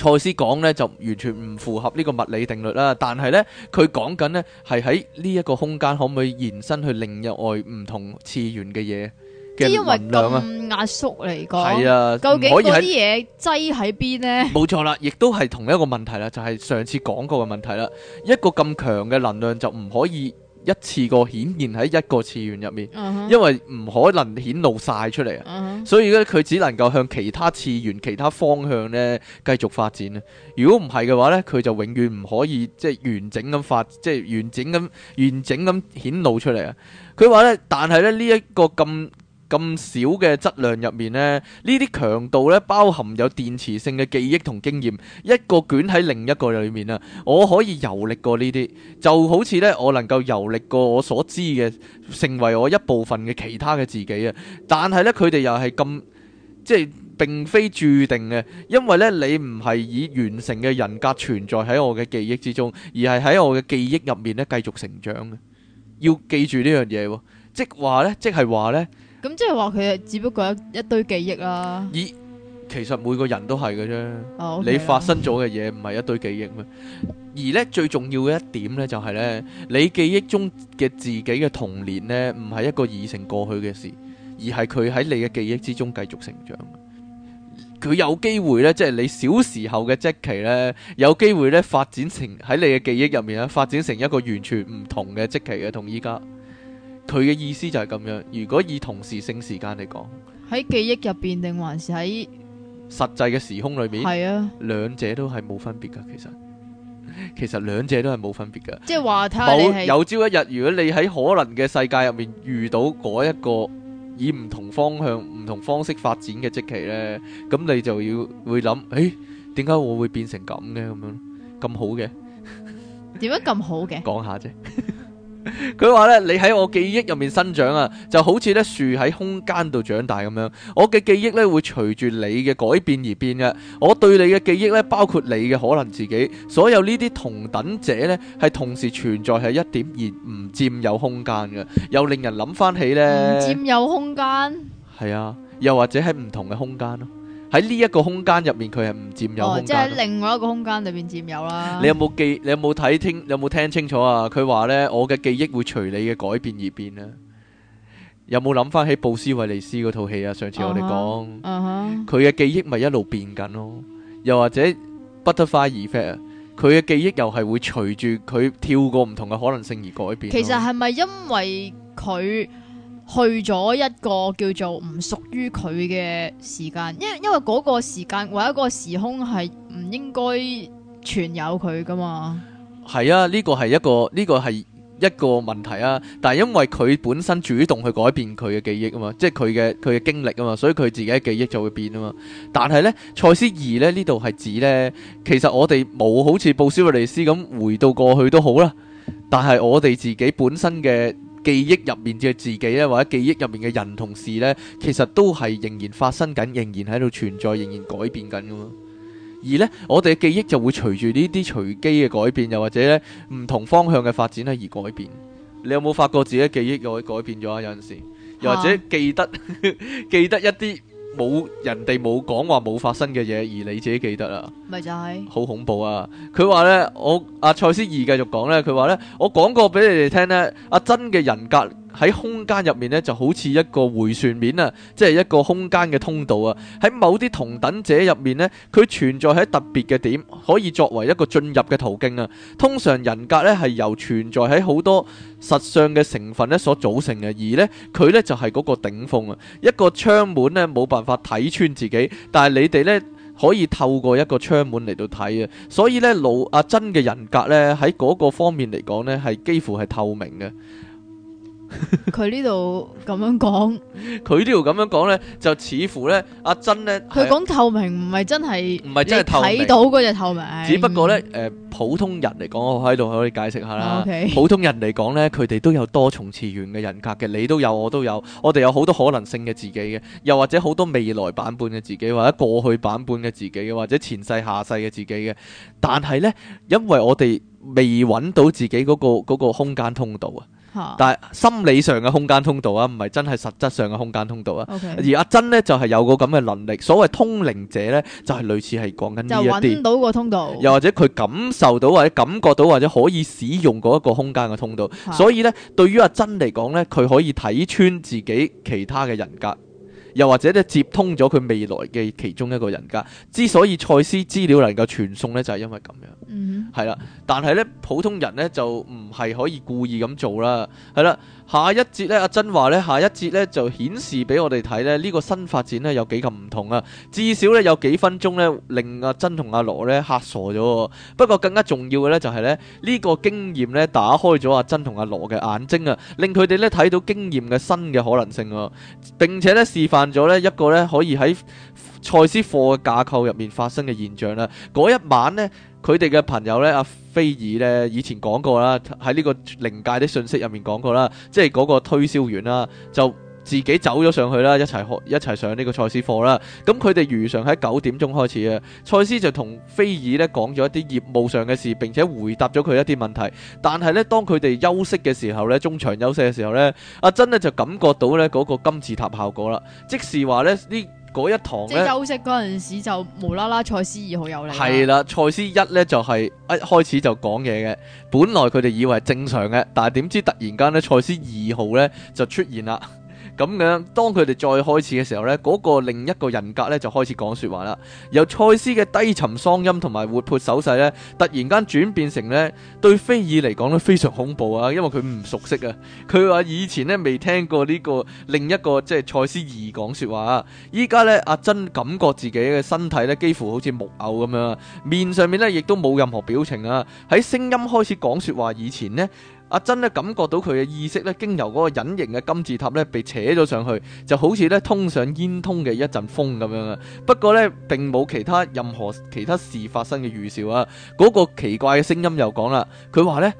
賽斯講呢就完全唔符合呢個物理定律啦，但係呢，佢講緊呢係喺呢一個空間可唔可以延伸去另一外唔同次元嘅嘢、啊？因為咁壓縮嚟講，係啊，究竟嗰啲嘢擠喺邊呢？冇錯啦，亦都係同一個問題啦，就係、是、上次講過嘅問題啦，一個咁強嘅能量就唔可以。一次過顯現喺一個次元入面，嗯、哼因為唔可能顯露晒出嚟啊，嗯、哼所以咧佢只能夠向其他次元、其他方向咧繼續發展啊。如果唔係嘅話咧，佢就永遠唔可以即係完整咁發，即係完整咁、完整咁顯露出嚟啊。佢話咧，但係咧呢一、這個咁。咁少嘅質量入面呢，呢啲強度呢，包含有電磁性嘅記憶同經驗，一個捲喺另一個裏面啊！我可以遊歷過呢啲，就好似呢，我能夠遊歷過我所知嘅，成為我一部分嘅其他嘅自己啊！但係呢，佢哋又係咁，即係並非注定嘅，因為呢，你唔係以完成嘅人格存在喺我嘅記憶之中，而係喺我嘅記憶入面呢，繼續成長嘅。要記住呢樣嘢，即話呢，即係話呢。咁即係話佢只不過一一堆記憶啊。咦，其實每個人都係嘅啫，oh, okay 你發生咗嘅嘢唔係一堆記憶咩？而呢最重要嘅一點呢，就係、是、呢：你記憶中嘅自己嘅童年呢，唔係一個已成過去嘅事，而係佢喺你嘅記憶之中繼續成長。佢有機會呢，即係你小時候嘅即期呢，有機會呢，發展成喺你嘅記憶入面咧，發展成一個完全唔同嘅即期嘅同依家。佢嘅意思就係咁樣，如果以同時性時間嚟講，喺記憶入邊定還是喺實際嘅時空裏面？係啊，兩者都係冇分別噶，其實其實兩者都係冇分別噶。即係話睇，冇有朝一日，如果你喺可能嘅世界入面遇到嗰一個以唔同方向、唔同方式發展嘅即期呢，咁你就要會諗，誒，點解我會變成咁嘅咁樣咁好嘅？點解咁好嘅？講下啫。佢話咧，你喺我記憶入面生長啊，就好似咧樹喺空間度長大咁樣。我嘅記憶咧會隨住你嘅改變而變嘅。我對你嘅記憶咧，包括你嘅可能自己，所有呢啲同等者咧，係同時存在係一點而唔佔有空間嘅，又令人諗翻起咧，唔佔有空間。係啊，又或者喺唔同嘅空間咯。喺呢一個空間入面，佢係唔佔有空間。哦，即係另外一個空間裏面佔有啦。你有冇記？你有冇睇清？有冇聽清楚啊？佢話呢，我嘅記憶會隨你嘅改變而變咧。有冇諗翻起《布斯維利斯》嗰套戲啊？上次我哋講，佢嘅、uh huh, uh huh. 記憶咪一路變緊咯。又或者《Butterfly Effect》，佢嘅記憶又係會隨住佢跳過唔同嘅可能性而改變。其實係咪因為佢？去咗一個叫做唔屬於佢嘅時間，因因為嗰個時間或者個時空係唔應該存有佢噶嘛係啊，呢個係一個呢個係一個問題啊。但係因為佢本身主動去改變佢嘅記憶啊嘛，即係佢嘅佢嘅經歷啊嘛，所以佢自己嘅記憶就會變啊嘛。但係呢，賽斯二咧呢度係指呢，其實我哋冇好似布斯維利斯咁回到過去都好啦，但係我哋自己本身嘅。記憶入面嘅自己咧，或者記憶入面嘅人同事呢，其實都係仍然發生緊，仍然喺度存在，仍然改變緊噶。而呢，我哋嘅記憶就會隨住呢啲隨機嘅改變，又或者呢唔同方向嘅發展咧而改變。你有冇發覺自己嘅記憶又改變咗啊？有陣時，又或者記得、啊、 記得一啲。冇人哋冇講話冇發生嘅嘢，而你自己記得啊？咪就係、是嗯、好恐怖啊！佢話咧，我阿蔡思怡繼續講咧，佢話咧，我講過俾你哋聽咧，阿珍嘅人格。喺空間入面呢，就好似一個回旋面啊，即係一個空間嘅通道啊。喺某啲同等者入面呢，佢存在喺特別嘅點，可以作為一個進入嘅途徑啊。通常人格呢，係由存在喺好多實相嘅成分呢所組成嘅，而呢，佢呢就係嗰個頂峰啊。一個窗門呢，冇辦法睇穿自己，但係你哋呢，可以透過一個窗門嚟到睇啊。所以呢，老阿珍嘅人格呢，喺嗰個方面嚟講呢，係幾乎係透明嘅。佢呢度咁樣講，佢呢度咁樣講呢，就似乎呢，阿珍呢，佢講透明唔係真係，唔係真係睇到嗰隻透明。只不過呢，誒、呃，普通人嚟講，我喺度可以解釋下啦。Okay. 普通人嚟講呢，佢哋都有多重次元嘅人格嘅，你都有，我都有，我哋有好多可能性嘅自己嘅，又或者好多未來版本嘅自己，或者過去版本嘅自己，或者前世下世嘅自己嘅。但係呢，因為我哋未揾到自己嗰、嗰個、嗰個空間通道啊。但係心理上嘅空間通道啊，唔係真係實質上嘅空間通道啊。Okay. 而阿珍呢，就係、是、有個咁嘅能力，所謂通靈者呢，就係、是、類似係講緊呢一啲，個通道，又或者佢感受到或者感覺到或者可以使用嗰一個空間嘅通道。Okay. 所以呢，對於阿珍嚟講呢，佢可以睇穿自己其他嘅人格。又或者咧接通咗佢未來嘅其中一個人格，之所以賽斯資料能夠傳送呢，就係因為咁樣，係啦、嗯哼。但係咧，普通人呢，就唔係可以故意咁做啦，係啦。下一節咧，阿珍話咧，下一節咧就顯示俾我哋睇咧，呢、這個新發展咧有幾咁唔同啊！至少咧有幾分鐘咧，令阿珍同阿羅咧嚇傻咗。不過更加重要嘅咧就係、是、咧，呢、這個經驗咧打開咗阿珍同阿羅嘅眼睛啊，令佢哋咧睇到經驗嘅新嘅可能性啊，並且咧示範咗咧一個咧可以喺賽斯課架構入面發生嘅現象啦。嗰一晚咧。佢哋嘅朋友咧，阿菲爾咧，以前講過啦，喺呢個靈界啲訊息入面講過啦，即係嗰個推銷員啦，就自己走咗上去啦，一齊學一齊上呢個賽斯課啦。咁佢哋如常喺九點鐘開始啊，賽斯就同菲爾咧講咗一啲業務上嘅事，並且回答咗佢一啲問題。但係咧，當佢哋休息嘅時候咧，中場休息嘅時候咧，阿珍呢，就感覺到咧嗰個金字塔效果啦，即是話咧呢。嗰一堂即係休息嗰陣時就無啦啦，賽斯二號有嚟。係啦，賽斯一咧就係一開始就講嘢嘅，本來佢哋以為正常嘅，但係點知突然間咧，賽斯二號咧就出現啦。 咁樣，當佢哋再開始嘅時候呢，嗰個另一個人格呢，就開始講說話啦。由賽斯嘅低沉嗓音同埋活潑手勢呢，突然間轉變成呢對菲爾嚟講呢非常恐怖啊，因為佢唔熟悉啊。佢話以前呢，未聽過呢個另一個即係賽斯二講說話啊。依家呢，阿珍感覺自己嘅身體呢，幾乎好似木偶咁樣，面上面呢，亦都冇任何表情啊。喺聲音開始講說話以前呢。阿珍咧感覺到佢嘅意識咧經由嗰個隱形嘅金字塔咧被扯咗上去，就好似咧通上煙通嘅一陣風咁樣啊！不過咧並冇其他任何其他事發生嘅預兆啊！嗰個奇怪嘅聲音又講啦，佢話咧。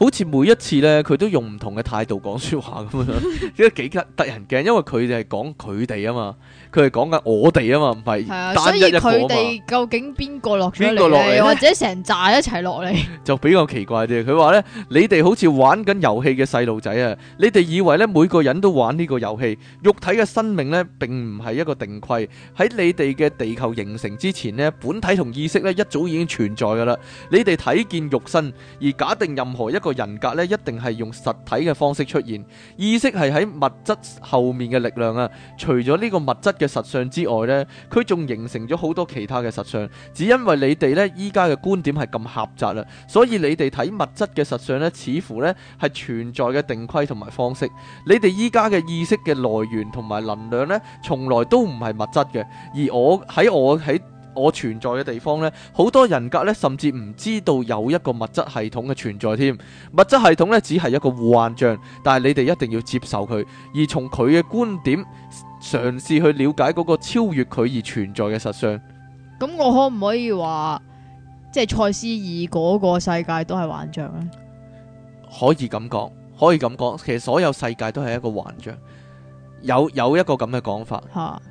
好似每一次咧，佢都用唔同嘅態度講說話咁樣，即係幾得得人驚，因為佢哋係講佢哋啊嘛，佢係講緊我哋啊嘛，唔係單一隻我嘛，所以佢哋究竟邊個落嚟？邊個落嚟？或者成紮一齊落嚟？ 就比較奇怪啲。佢話咧：你哋好似玩緊遊戲嘅細路仔啊！你哋以為咧每個人都玩呢個遊戲，肉體嘅生命咧並唔係一個定規，喺你哋嘅地球形成之前咧，本體同意識咧一早已經存在噶啦。你哋睇見肉身而假定任何一個。人格咧一定係用實體嘅方式出現，意識係喺物質後面嘅力量啊！除咗呢個物質嘅實相之外呢，佢仲形成咗好多其他嘅實相。只因為你哋呢依家嘅觀點係咁狹窄啦，所以你哋睇物質嘅實相呢，似乎呢係存在嘅定規同埋方式。你哋依家嘅意識嘅來源同埋能量呢，從來都唔係物質嘅，而我喺我喺。我存在嘅地方呢，好多人格呢，甚至唔知道有一個物質系統嘅存在添。物質系統呢，只係一個幻象，但係你哋一定要接受佢，而從佢嘅觀點嘗試去了解嗰個超越佢而存在嘅實相。咁我可唔可以話，即係賽斯二嗰個世界都係幻象咧？可以咁講，可以咁講。其實所有世界都係一個幻象。有有一個咁嘅講法，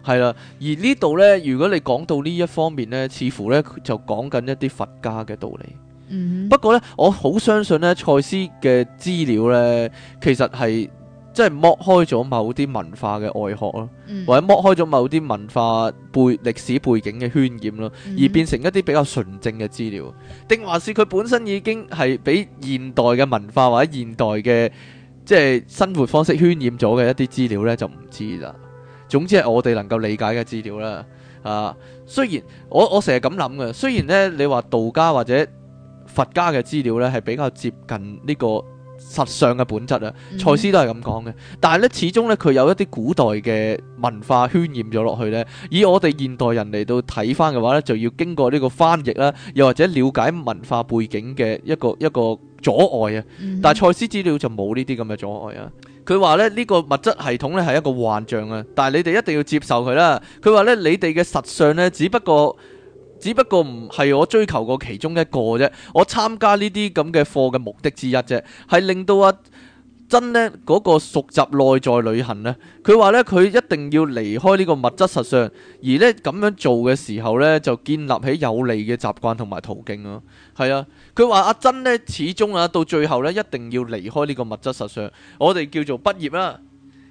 係啦哈。而呢度呢，如果你講到呢一方面呢，似乎呢就講緊一啲佛家嘅道理。嗯、哼 不過呢，我好相信呢賽斯嘅資料呢，其實係即係剝開咗某啲文化嘅外殼咯，嗯、哼 或者剝開咗某啲文化背歷史背景嘅渲染，咯，而變成一啲比較純正嘅資料。定、嗯、哼 還是佢本身已經係俾現代嘅文化或者現代嘅，即係生活方式渲染咗嘅一啲資料呢，就唔知啦。總之係我哋能夠理解嘅資料啦。啊，雖然我我成日咁諗嘅，雖然呢你話道家或者佛家嘅資料呢，係比較接近呢個實相嘅本質啊，賽斯、嗯、哼都係咁講嘅。但係呢始終呢，佢有一啲古代嘅文化渲染咗落去呢。以我哋現代人嚟到睇翻嘅話呢，就要經過呢個翻譯啦，又或者了解文化背景嘅一個一個。一個一個阻礙啊！但係賽斯資料就冇呢啲咁嘅阻礙啊！佢話咧呢個物質系統咧係一個幻象啊！但係你哋一定要接受佢啦！佢話咧你哋嘅實相咧，只不過只不過唔係我追求過其中一個啫，我參加呢啲咁嘅課嘅目的之一啫，係令到啊。珍呢嗰、那個熟習內在旅行呢，佢話呢，佢一定要離開呢個物質實相，而呢咁樣做嘅時候呢，就建立起有利嘅習慣同埋途徑咯。係啊，佢話、啊、阿珍呢，始終啊，到最後呢，一定要離開呢個物質實相。我哋叫做畢業啦，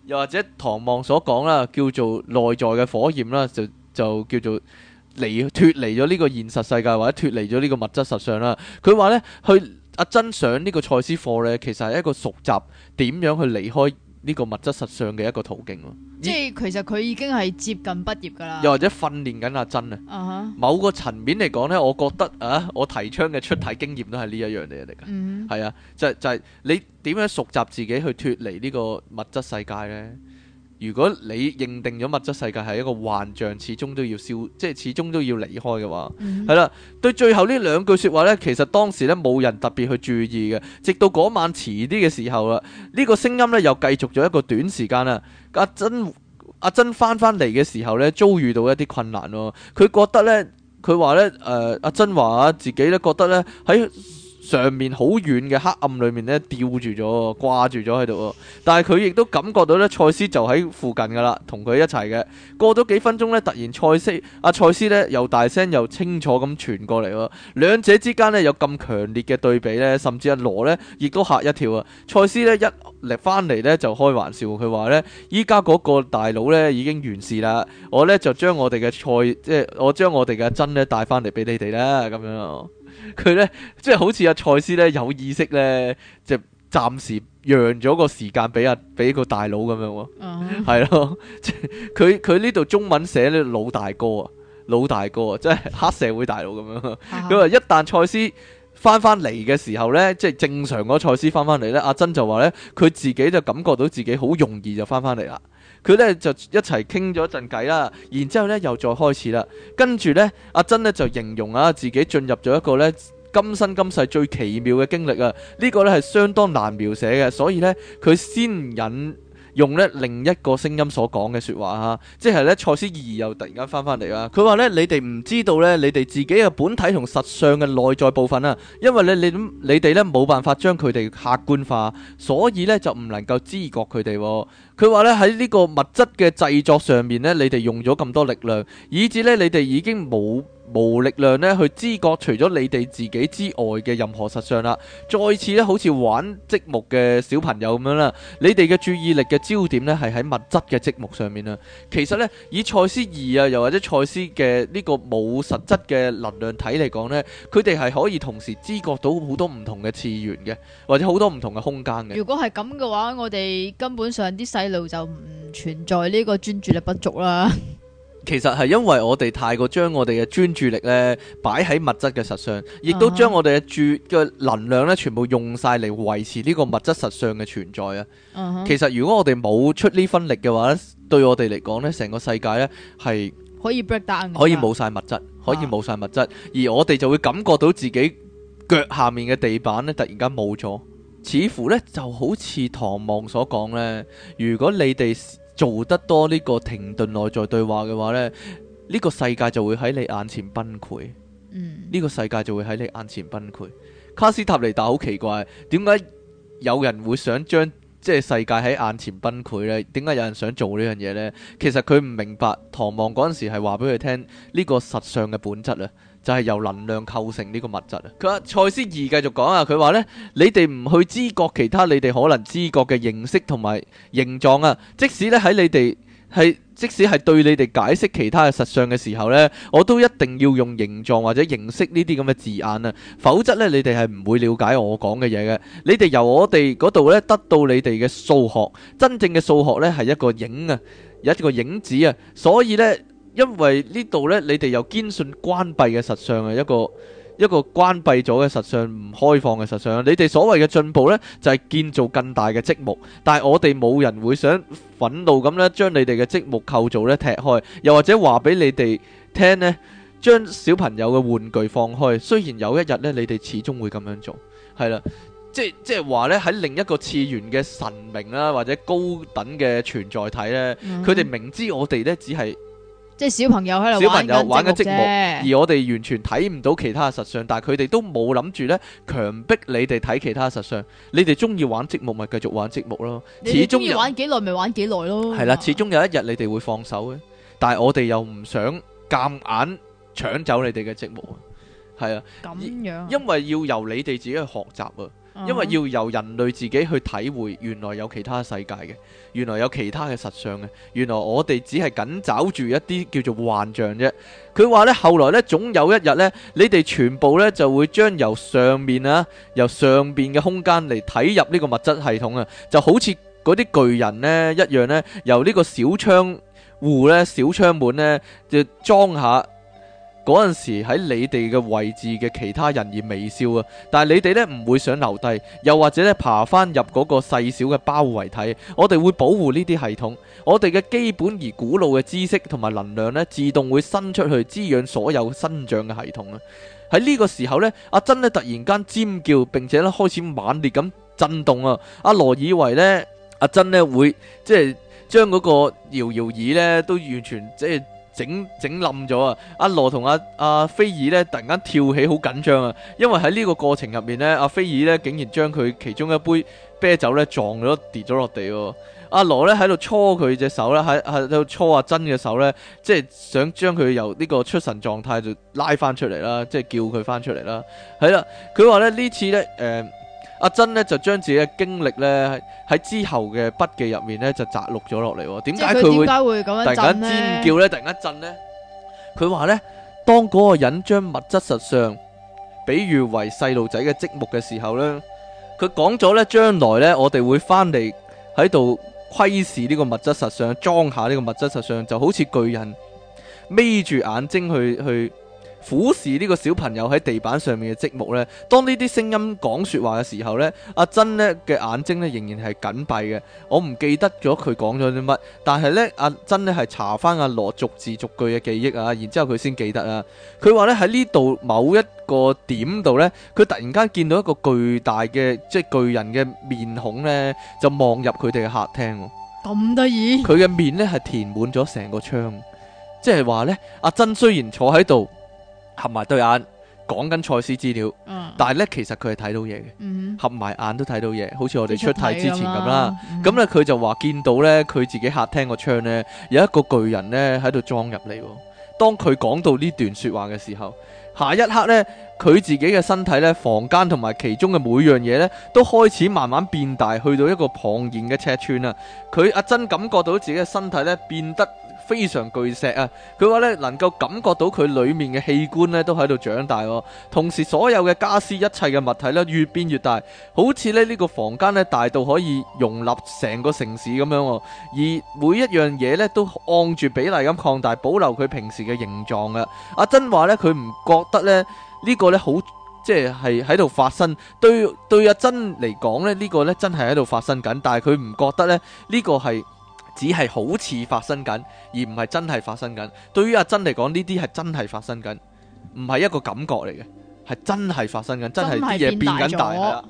又或者唐望所講啦，叫做內在嘅火焰啦，就就叫做離脫離咗呢個現實世界或者脫離咗呢個物質實相啦。佢話呢，去阿珍上呢個賽斯課呢，其實係一個熟習。點樣去離開呢個物質實相嘅一個途徑咯？即係是以其實佢已經係接近畢業噶啦。又或者訓練緊阿珍？啊、uh。Huh. 某個層面嚟講呢，我覺得啊，我提倡嘅出體經驗都係呢一樣嘢嚟噶。係、uh huh. 啊，就係、就係、是、你點樣熟習自己去脱離呢個物質世界呢？如果你認定咗物質世界係一個幻象，始終都要消，即係始終都要離開嘅話，係啦、嗯。對最後呢兩句説話呢，其實當時呢冇人特別去注意嘅，直到嗰晚遲啲嘅時候啦，呢、這個聲音呢又繼續咗一個短時間啊。阿珍阿珍返返嚟嘅時候呢，遭遇到一啲困難咯。佢覺得呢，佢話呢，誒、呃、阿珍話自己呢覺得呢。喺。上面好遠嘅黑暗裏面咧，吊住咗，掛住咗喺度。但係佢亦都感覺到咧，賽斯就喺附近噶啦，同佢一齊嘅。過咗幾分鐘咧，突然賽斯阿賽斯咧又大聲又清楚咁傳過嚟喎。兩者之間咧有咁強烈嘅對比咧，甚至阿羅咧亦都嚇一跳啊！賽斯咧一嚟翻嚟咧就開玩笑，佢話呢，依家嗰個大佬咧已經完事啦，我呢，就將我哋嘅賽，即係我將我哋嘅真咧帶翻嚟俾你哋啦。咁樣。佢咧即係好似阿賽斯咧有意識咧，就暫時讓咗個時間俾阿俾個大佬咁樣喎，係咯、嗯，即係佢佢呢度中文寫咧老大哥啊，老大哥啊，即係黑社會大佬咁樣。咁啊，一旦賽斯翻翻嚟嘅時候咧，即係正常個賽斯翻翻嚟咧，阿珍就話咧，佢自己就感覺到自己好容易就翻翻嚟啦。佢咧就一齊傾咗一陣偈啦，然之後咧又再開始啦，跟住咧阿珍咧就形容啊自己進入咗一個咧今生今世最奇妙嘅經歷啊，這個、呢個咧係相當難描寫嘅，所以咧佢先引。用咧另一個聲音所講嘅説話嚇，即係咧賽斯二又突然間翻返嚟啦。佢話咧你哋唔知道咧你哋自己嘅本體同實相嘅內在部分啊，因為咧你你哋咧冇辦法將佢哋客觀化，所以咧就唔能夠知覺佢哋。佢話咧喺呢個物質嘅製作上面咧，你哋用咗咁多力量，以至咧你哋已經冇。無力量咧去知覺除咗你哋自己之外嘅任何實相啦。再次咧好似玩積木嘅小朋友咁樣啦，你哋嘅注意力嘅焦點咧係喺物質嘅積木上面啦。其實呢以賽斯二啊，又或者賽斯嘅呢個冇實質嘅能量體嚟講呢，佢哋係可以同時知覺到好多唔同嘅次元嘅，或者好多唔同嘅空間嘅。如果係咁嘅話，我哋根本上啲細路就唔存在呢個專注力不足啦。其實係因為我哋太過將我哋嘅專注力呢擺喺物質嘅實上，亦都將我哋嘅注嘅能量呢全部用晒嚟維持呢個物質實相嘅存在啊。Uh huh. 其實如果我哋冇出呢分力嘅話咧，對我哋嚟講呢，成個世界呢係可以 break down，可以冇晒物質，uh huh. 可以冇晒物質，而我哋就會感覺到自己腳下面嘅地板呢突然間冇咗，似乎呢就好似唐望所講呢：「如果你哋，做得多呢個停頓內在對話嘅話咧，呢個世界就會喺你眼前崩潰。呢個世界就會喺你眼前崩潰。卡斯塔尼達好奇怪，點解有人會想將即係世界喺眼前崩潰呢？點解有人想做呢樣嘢呢？其實佢唔明白，唐望嗰陣時係話俾佢聽呢個實相嘅本質啊。就係由能量構成呢個物質啊！佢話賽斯怡繼續講啊，佢話呢，你哋唔去知覺其他，你哋可能知覺嘅形式同埋形狀啊，即使呢喺你哋係，即使係對你哋解釋其他嘅實相嘅時候呢，我都一定要用形狀或者形式呢啲咁嘅字眼啊，否則呢你哋係唔會了解我講嘅嘢嘅。你哋由我哋嗰度呢得到你哋嘅數學，真正嘅數學呢係一個影啊，一個影子啊，所以呢。因為呢度咧，你哋又堅信關閉嘅實相嘅一個一個關閉咗嘅實相，唔開放嘅實相。你哋所謂嘅進步咧，就係建造更大嘅積木。但係我哋冇人會想憤怒咁咧，將你哋嘅積木構造咧踢開，又或者話俾你哋聽咧，將小朋友嘅玩具放開。雖然有一日咧，你哋始終會咁樣做，係啦，即係即係話咧，喺另一個次元嘅神明啦，或者高等嘅存在體咧，佢哋明知我哋咧只係。即係小朋友喺度玩嘅積木，而我哋完全睇唔到其他實相，但係佢哋都冇諗住咧強迫你哋睇其他實相。你哋中意玩積木咪繼續玩積木咯，始終要玩幾耐咪玩幾耐咯。係啦，始終有一日你哋會放手嘅，但係我哋又唔想夾硬搶走你哋嘅積木啊。係啊，咁樣，因為要由你哋自己去學習啊。因為要由人類自己去體會，原來有其他世界嘅，原來有其他嘅實相嘅，原來我哋只係緊抓住一啲叫做幻象啫。佢話咧，後來咧，總有一日咧，你哋全部咧就會將由上面啊，由上邊嘅空間嚟睇入呢個物質系統啊，就好似嗰啲巨人咧一樣咧，由呢個小窗戶咧，小窗門咧，就裝下。嗰陣時喺你哋嘅位置嘅其他人而微笑啊，但係你哋呢唔會想留低，又或者呢爬翻入嗰個細小嘅包圍體。我哋會保護呢啲系統，我哋嘅基本而古老嘅知識同埋能量呢，自動會伸出去滋養所有生長嘅系統啊。喺呢個時候呢，阿珍呢突然間尖叫，並且呢開始猛烈咁震動啊。阿羅以為呢，阿珍呢會即係將嗰個搖搖椅呢都完全即係。整整冧咗啊！阿羅同阿阿菲爾咧突然間跳起，好緊張啊！因為喺呢個過程入面咧，阿菲爾咧竟然將佢其中一杯啤酒咧撞咗，跌咗落地。阿羅咧喺度搓佢隻手咧，喺喺度搓阿珍嘅手咧，即係想將佢由呢個出神狀態就拉翻出嚟啦，即係叫佢翻出嚟啦。係啦，佢話咧呢次咧，誒、呃。阿珍咧就將自己嘅經歷咧喺之後嘅筆記入面咧就摘錄咗落嚟。點解佢會突然間尖叫咧？突然間震咧？佢話咧，當嗰個人將物質實相，比喻為細路仔嘅積木嘅時候咧，佢講咗咧，將來咧我哋會翻嚟喺度窺視呢個物質實相，裝下呢個物質實相，就好似巨人眯住眼睛去去。俯視呢個小朋友喺地板上面嘅積木呢。當呢啲聲音講說話嘅時候呢，阿珍呢嘅眼睛呢仍然係緊閉嘅。我唔記得咗佢講咗啲乜，但係呢，阿珍呢係查翻阿羅逐字逐句嘅記憶啊，然之後佢先記得啊。佢話呢喺呢度某一個點度呢，佢突然間見到一個巨大嘅即係巨人嘅面孔呢，就望入佢哋嘅客廳。咁得意，佢嘅面呢係填滿咗成個窗，即係話呢，阿珍雖然坐喺度。合埋對眼講緊賽斯資料，嗯、但係咧其實佢係睇到嘢嘅，合埋、嗯、哼眼都睇到嘢，好似我哋出體之前咁啦。咁咧佢就話見到咧佢自己客廳個窗咧有一個巨人咧喺度裝入嚟。當佢講到呢段說話嘅時候，下一刻咧佢自己嘅身體咧房間同埋其中嘅每樣嘢咧都開始慢慢變大，去到一個龐然嘅尺寸啦。佢阿珍感覺到自己嘅身體咧變得非常巨石啊！佢話咧能夠感覺到佢裏面嘅器官咧都喺度長大，哦，同時所有嘅家私一切嘅物體咧越變越大，好似咧呢、這個房間咧大到可以容納成個城市咁樣，哦，而每一樣嘢咧都按住比例咁擴大，保留佢平時嘅形狀啊！阿珍話咧佢唔覺得咧呢、這個咧好即係喺度發生，對對阿珍嚟講咧呢、這個咧真係喺度發生緊，但係佢唔覺得咧呢、這個係。只係好似發生緊，而唔係真係發生緊。對於阿珍嚟講，呢啲係真係發生緊，唔係一個感覺嚟嘅，係真係發生緊，真係啲嘢變緊大。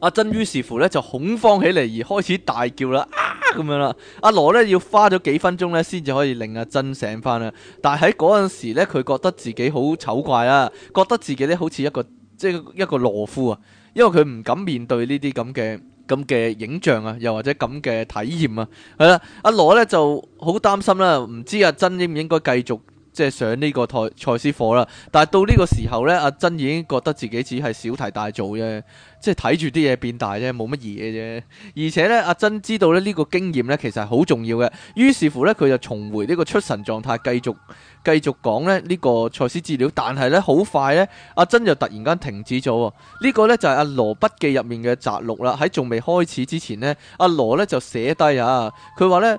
阿珍於是乎呢，就恐慌起嚟，而開始大叫啦，啊咁樣啦。阿羅呢要花咗幾分鐘呢先至可以令阿珍醒翻啦。但係喺嗰陣時呢，佢覺得自己好醜怪啊，覺得自己呢好似一個即係一個懦夫啊，因為佢唔敢面對呢啲咁嘅。咁嘅影像啊，又或者咁嘅體驗啊，係啦，阿羅呢就好擔心啦，唔知阿珍應唔應該繼續。即係上呢個賽賽斯課啦，但係到呢個時候呢，阿珍已經覺得自己只係小題大做啫，即係睇住啲嘢變大啫，冇乜嘢啫。而且呢，阿珍知道呢呢個經驗呢其實係好重要嘅，於是乎呢，佢就重回呢個出神狀態，繼續繼續講呢呢個賽斯資料。但係呢，好快呢，阿珍就突然間停止咗。呢、這個呢，就係阿羅筆記入面嘅摘錄啦。喺仲未開始之前呢，阿羅呢就寫低啊，佢話呢。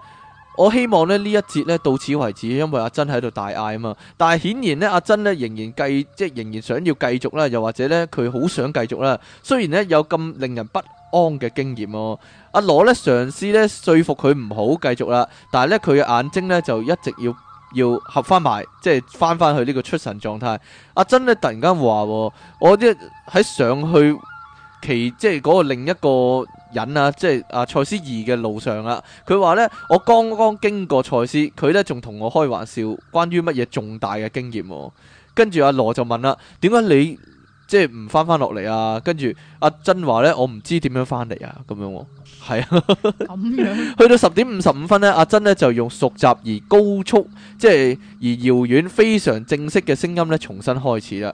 我希望咧呢一節咧到此為止，因為阿珍喺度大嗌啊嘛。但係顯然呢，阿珍咧仍然繼即係仍然想要繼續啦，又或者呢，佢好想繼續啦。雖然呢，有咁令人不安嘅經驗哦，阿羅呢，嘗試呢，說服佢唔好繼續啦，但係呢，佢嘅眼睛呢，就一直要要合翻埋，即係翻翻去呢個出神狀態。阿珍呢，突然間話：我一喺上去其即係嗰個另一個。忍啊！即係阿賽斯二嘅路上啦，佢話呢，我剛剛經過賽斯，佢呢仲同我開玩笑，關於乜嘢重大嘅經驗，哦。跟住阿羅就問啦，點解你即係唔翻翻落嚟啊？跟住阿珍話呢，我唔知點樣翻嚟啊，咁樣、哦啊、樣。係啊，咁樣。去到十點五十五分呢，阿、啊、珍呢就用熟習而高速，即係而遙遠非常正式嘅聲音呢重新開始啦。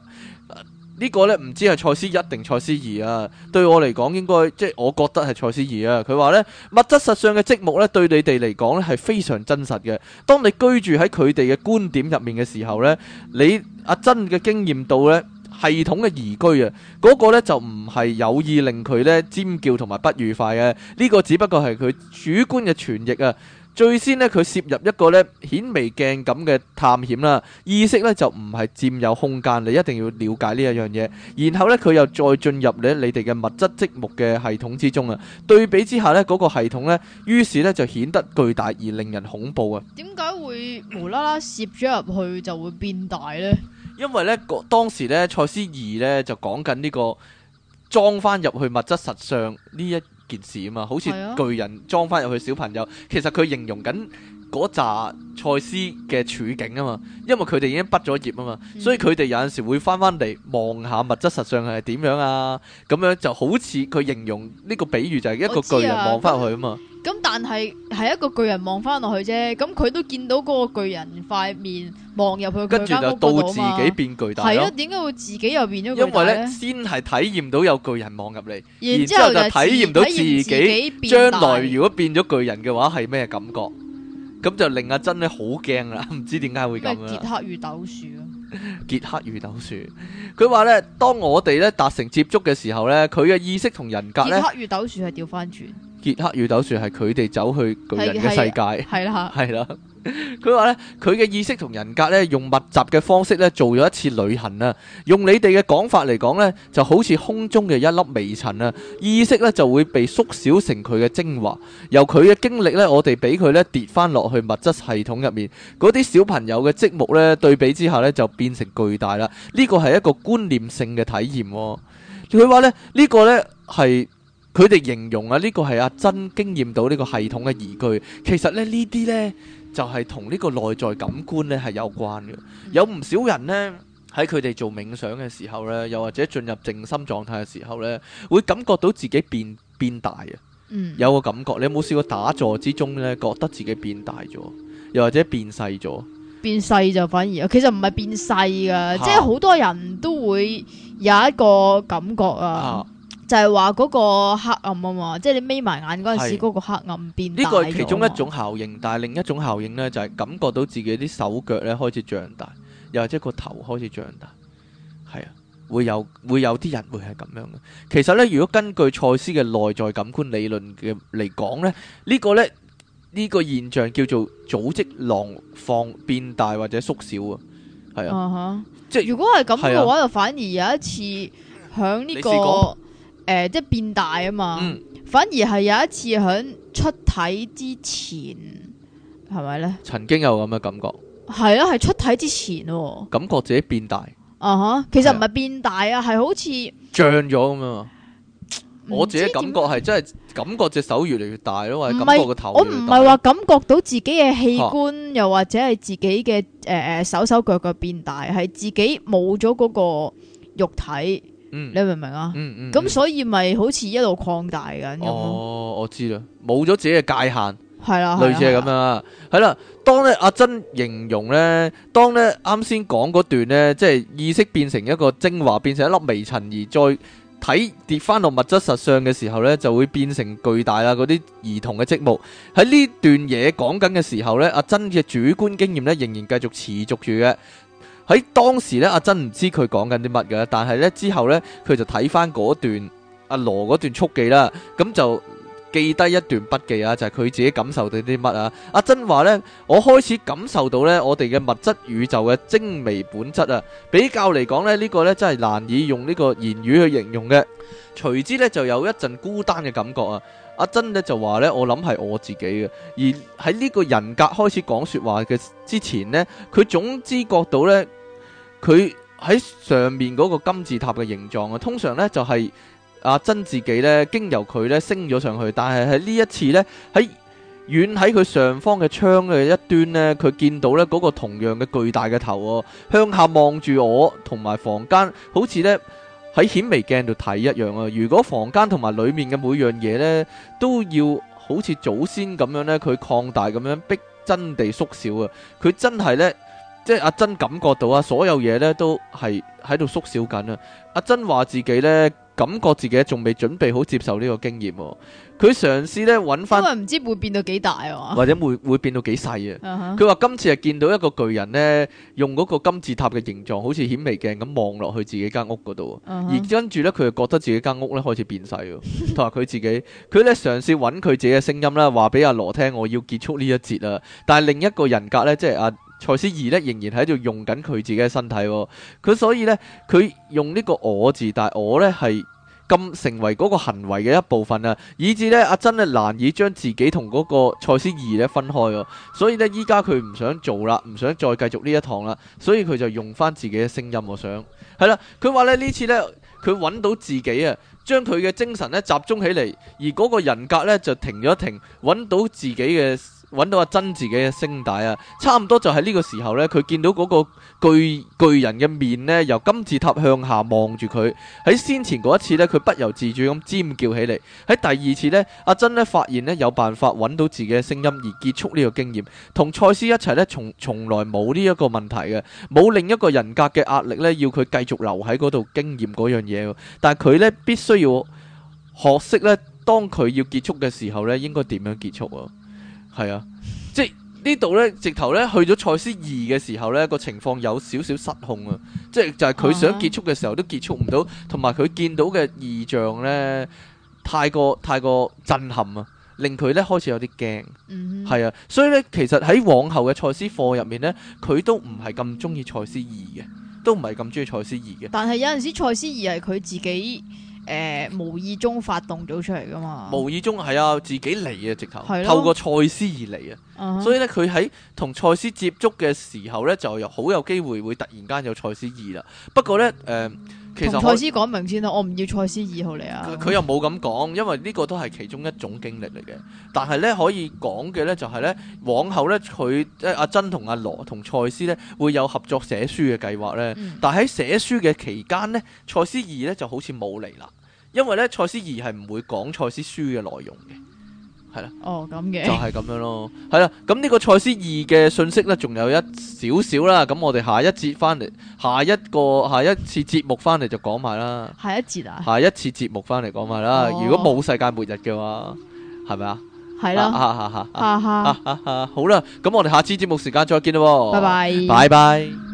呢個呢，唔知係賽斯一定賽斯二啊？對我嚟講，應該即係我覺得係賽斯二啊。佢話呢，物質實上嘅積木呢，對你哋嚟講咧係非常真實嘅。當你居住喺佢哋嘅觀點入面嘅時候呢，你阿珍嘅經驗到呢，系統嘅移居啊，嗰、那個呢，就唔係有意令佢呢尖叫同埋不愉快嘅、啊。呢、這個只不過係佢主觀嘅傳譯啊。最先咧，佢攝入一個咧顯微鏡咁嘅探險啦，意識咧就唔係佔有空間，你一定要了解呢一樣嘢。然後咧，佢又再進入咧你哋嘅物質積木嘅系統之中啊。對比之下咧，嗰個系統咧，於是咧就顯得巨大而令人恐怖啊。點解會無啦啦攝咗入去就會變大咧？因為咧，當時咧賽斯咧就講緊呢個裝翻入去物質實相呢一件事啊嘛，好似巨人裝翻入去小朋友，其實佢形容緊。嗰扎賽斯嘅處境啊嘛，因為佢哋已經畢咗業啊嘛，嗯、所以佢哋有陣時會翻翻嚟望下物質實上係點樣啊，咁樣就好似佢形容呢個比喻就係一個巨人望翻去啊嘛。咁、啊、但係係一個巨人望翻落去啫，咁佢都見到嗰個巨人塊面望入去，跟住就到自己變巨大。係啊，點解會自己又變咗？因為咧，先係體驗到有巨人望入嚟，然之後，後就體驗到自己，自自己將來如果變咗巨人嘅話係咩感覺？嗯咁就令阿珍咧好驚啦，唔知點解會咁樣。傑克與豆樹咯，傑 克與豆樹，佢話咧，當我哋咧達成接觸嘅時候咧，佢嘅意識同人格咧，傑克與豆樹係掉返轉，傑克與豆樹係佢哋走去巨人嘅世界，係啦，係啦。 佢話 呢，佢嘅意識同人格呢，用密集嘅方式呢，做咗一次旅行啊。用你哋嘅講法嚟講呢，就好似空中嘅一粒微塵啊。意識呢，就會被縮小成佢嘅精華，由佢嘅經歷呢，我哋俾佢呢跌翻落去物質系統入面嗰啲小朋友嘅積木呢，對比之下呢，就變成巨大啦。呢個係一個觀念性嘅體驗、哦。佢話呢，呢個呢，係佢哋形容啊，呢個係阿珍經驗到呢個系統嘅移居。其實呢，呢啲呢。就係同呢個內在感官咧係有關嘅，有唔少人呢，喺佢哋做冥想嘅時候呢，又或者進入靜心狀態嘅時候呢，會感覺到自己變變大嘅，嗯、有個感覺。你有冇試過打坐之中呢，覺得自己變大咗，又或者變細咗？變細就反而其實唔係變細㗎，啊、即係好多人都會有一個感覺啊。啊啊就係話嗰個黑暗啊嘛，即係你眯埋眼嗰陣時，嗰個黑暗變呢個係其中一種效應，但係另一種效應呢，就係感覺到自己啲手腳咧開始脹大，又或者個頭開始脹大，係啊，會有會有啲人會係咁樣嘅。其實呢，如果根據賽斯嘅內在感官理論嘅嚟講呢，呢個咧呢個現象叫做組織浪放變大或者縮小啊，係啊，即係如果係咁嘅話，就反而有一次響呢個。誒、呃，即係變大啊嘛，嗯、反而係有一次響出體之前，係咪咧？係咪呢曾經有咁嘅感覺係啊，係出體之前、啊，感覺自己變大啊！吓，其實唔係變大啊，係好似脹咗咁啊！樣嘖我自己感覺係真係感覺隻手越嚟越大咯，或者感覺個頭越越我唔係話感覺到自己嘅器官，啊、又或者係自己嘅誒誒手手腳腳變大，係自己冇咗嗰個肉體。嗯，你明唔明啊？嗯嗯，咁所以咪好似一路擴大緊咁。哦，我知啦，冇咗自己嘅界限，係啦的，類似係咁樣。係啦，當咧阿珍形容咧，當咧啱先講嗰段咧，即係意識變成一個精華，變成一粒微塵，而再睇跌翻落物質實相嘅時候咧，就會變成巨大啦。嗰啲兒童嘅積木喺呢段嘢，講緊嘅時候咧，阿珍嘅主觀經驗咧仍然繼續持續住嘅。喺當時咧，阿珍唔知佢講緊啲乜嘅，但係咧之後咧，佢就睇翻嗰段阿羅嗰段速記啦，咁就記低一段筆記啊，就係佢自己感受到啲乜啊？阿珍話咧，我開始感受到咧，我哋嘅物質宇宙嘅精微本質啊，比較嚟講咧，呢個咧真係難以用呢個言語去形容嘅。隨之咧，就有一陣孤單嘅感覺啊！阿珍咧就話咧，我諗係我自己嘅。而喺呢個人格開始講說話嘅之前呢，佢總之覺到呢，佢喺上面嗰個金字塔嘅形狀啊，通常呢，就係阿珍自己呢經由佢呢升咗上去，但係喺呢一次呢，喺遠喺佢上方嘅窗嘅一端呢，佢見到呢嗰個同樣嘅巨大嘅頭哦，向下望住我同埋房間，好似呢。喺顯微鏡度睇一樣啊！如果房間同埋裡面嘅每樣嘢咧，都要好似祖先咁樣咧，佢擴大咁樣逼真地縮小啊！佢真係咧，即係阿珍感覺到啊，所有嘢咧都係喺度縮小緊啊！阿珍話自己咧。感覺自己仲未準備好接受呢個經驗。哦，佢嘗試呢揾翻，因為唔知會變到幾大喎， 或者會會變到幾細啊？佢話，uh huh. 今次係見到一個巨人呢，用嗰個金字塔嘅形狀，好似顯微鏡咁望落去自己間屋嗰度，uh huh. 而跟住呢，佢就覺得自己間屋呢開始變細。佢話佢自己，佢呢嘗試揾佢自己嘅聲音啦，話俾阿羅聽，我要結束呢一節啦。但係另一個人格呢，即係阿。賽斯二咧仍然喺度用緊佢自己嘅身體，佢所以呢，佢用呢個我字，但係我呢係咁成為嗰個行為嘅一部分啊，以至呢，阿珍咧難以將自己同嗰個賽斯二咧分開，所以呢，依家佢唔想做啦，唔想再繼續呢一趟啦，所以佢就用翻自己嘅聲音。我想係啦，佢話呢，呢次呢，佢揾到自己啊，將佢嘅精神呢集中起嚟，而嗰個人格呢就停咗停，揾到自己嘅。揾到阿珍自己嘅聲帶啊，差唔多就喺呢個時候呢，佢見到嗰個巨巨人嘅面呢，由金字塔向下望住佢。喺先前嗰一次呢，佢不由自主咁尖叫起嚟；喺第二次呢，阿珍呢發現呢，有辦法揾到自己嘅聲音而結束呢個經驗，同賽斯一齊呢，從從來冇呢一個問題嘅，冇另一個人格嘅壓力呢，要佢繼續留喺嗰度經驗嗰樣嘢，但係佢呢，必須要學識呢，當佢要結束嘅時候呢，應該點樣結束啊？係啊，即係呢度呢，直頭呢，去咗賽斯二嘅時候呢，個情況有少少失控啊！即係就係佢想結束嘅時候都結束唔到，同埋佢見到嘅異象呢，太過太過震撼啊，令佢呢開始有啲驚。嗯、uh，係、huh，啊，所以呢，其實喺往後嘅賽斯課入面呢，佢都唔係咁中意賽斯二嘅，都唔係咁中意賽斯二嘅。但係有陣時賽斯二係佢自己。誒、呃，無意中發動咗出嚟噶嘛？無意中係啊，自己嚟啊，直頭透過賽斯而嚟啊，的所以咧佢喺同賽斯接觸嘅時候咧，就又好有機會會突然間有賽斯二啦。不過咧，誒、呃。嗯其實同賽斯講明先啦，我唔要賽斯二號嚟啊！佢又冇咁講，因為呢個都係其中一種經歷嚟嘅。但係咧可以講嘅咧就係咧，往後咧佢阿珍同阿羅同賽斯咧會有合作寫書嘅計劃咧。但係喺寫書嘅期間咧，賽斯二咧就好似冇嚟啦，因為咧賽斯二係唔會講賽斯書嘅內容嘅。係啦，哦咁嘅，就係咁樣咯。係啦，咁呢個賽斯二嘅訊息呢，仲有一少少啦。咁我哋下一節翻嚟，下一個下一次節目翻嚟就講埋啦。下一節啊，下一次節目翻嚟講埋啦。如果冇世界末日嘅話，係咪啊？係、啊、啦，吓、啊啊啊啊啊，好啦，咁我哋下次節目時間再見咯。拜拜，拜拜。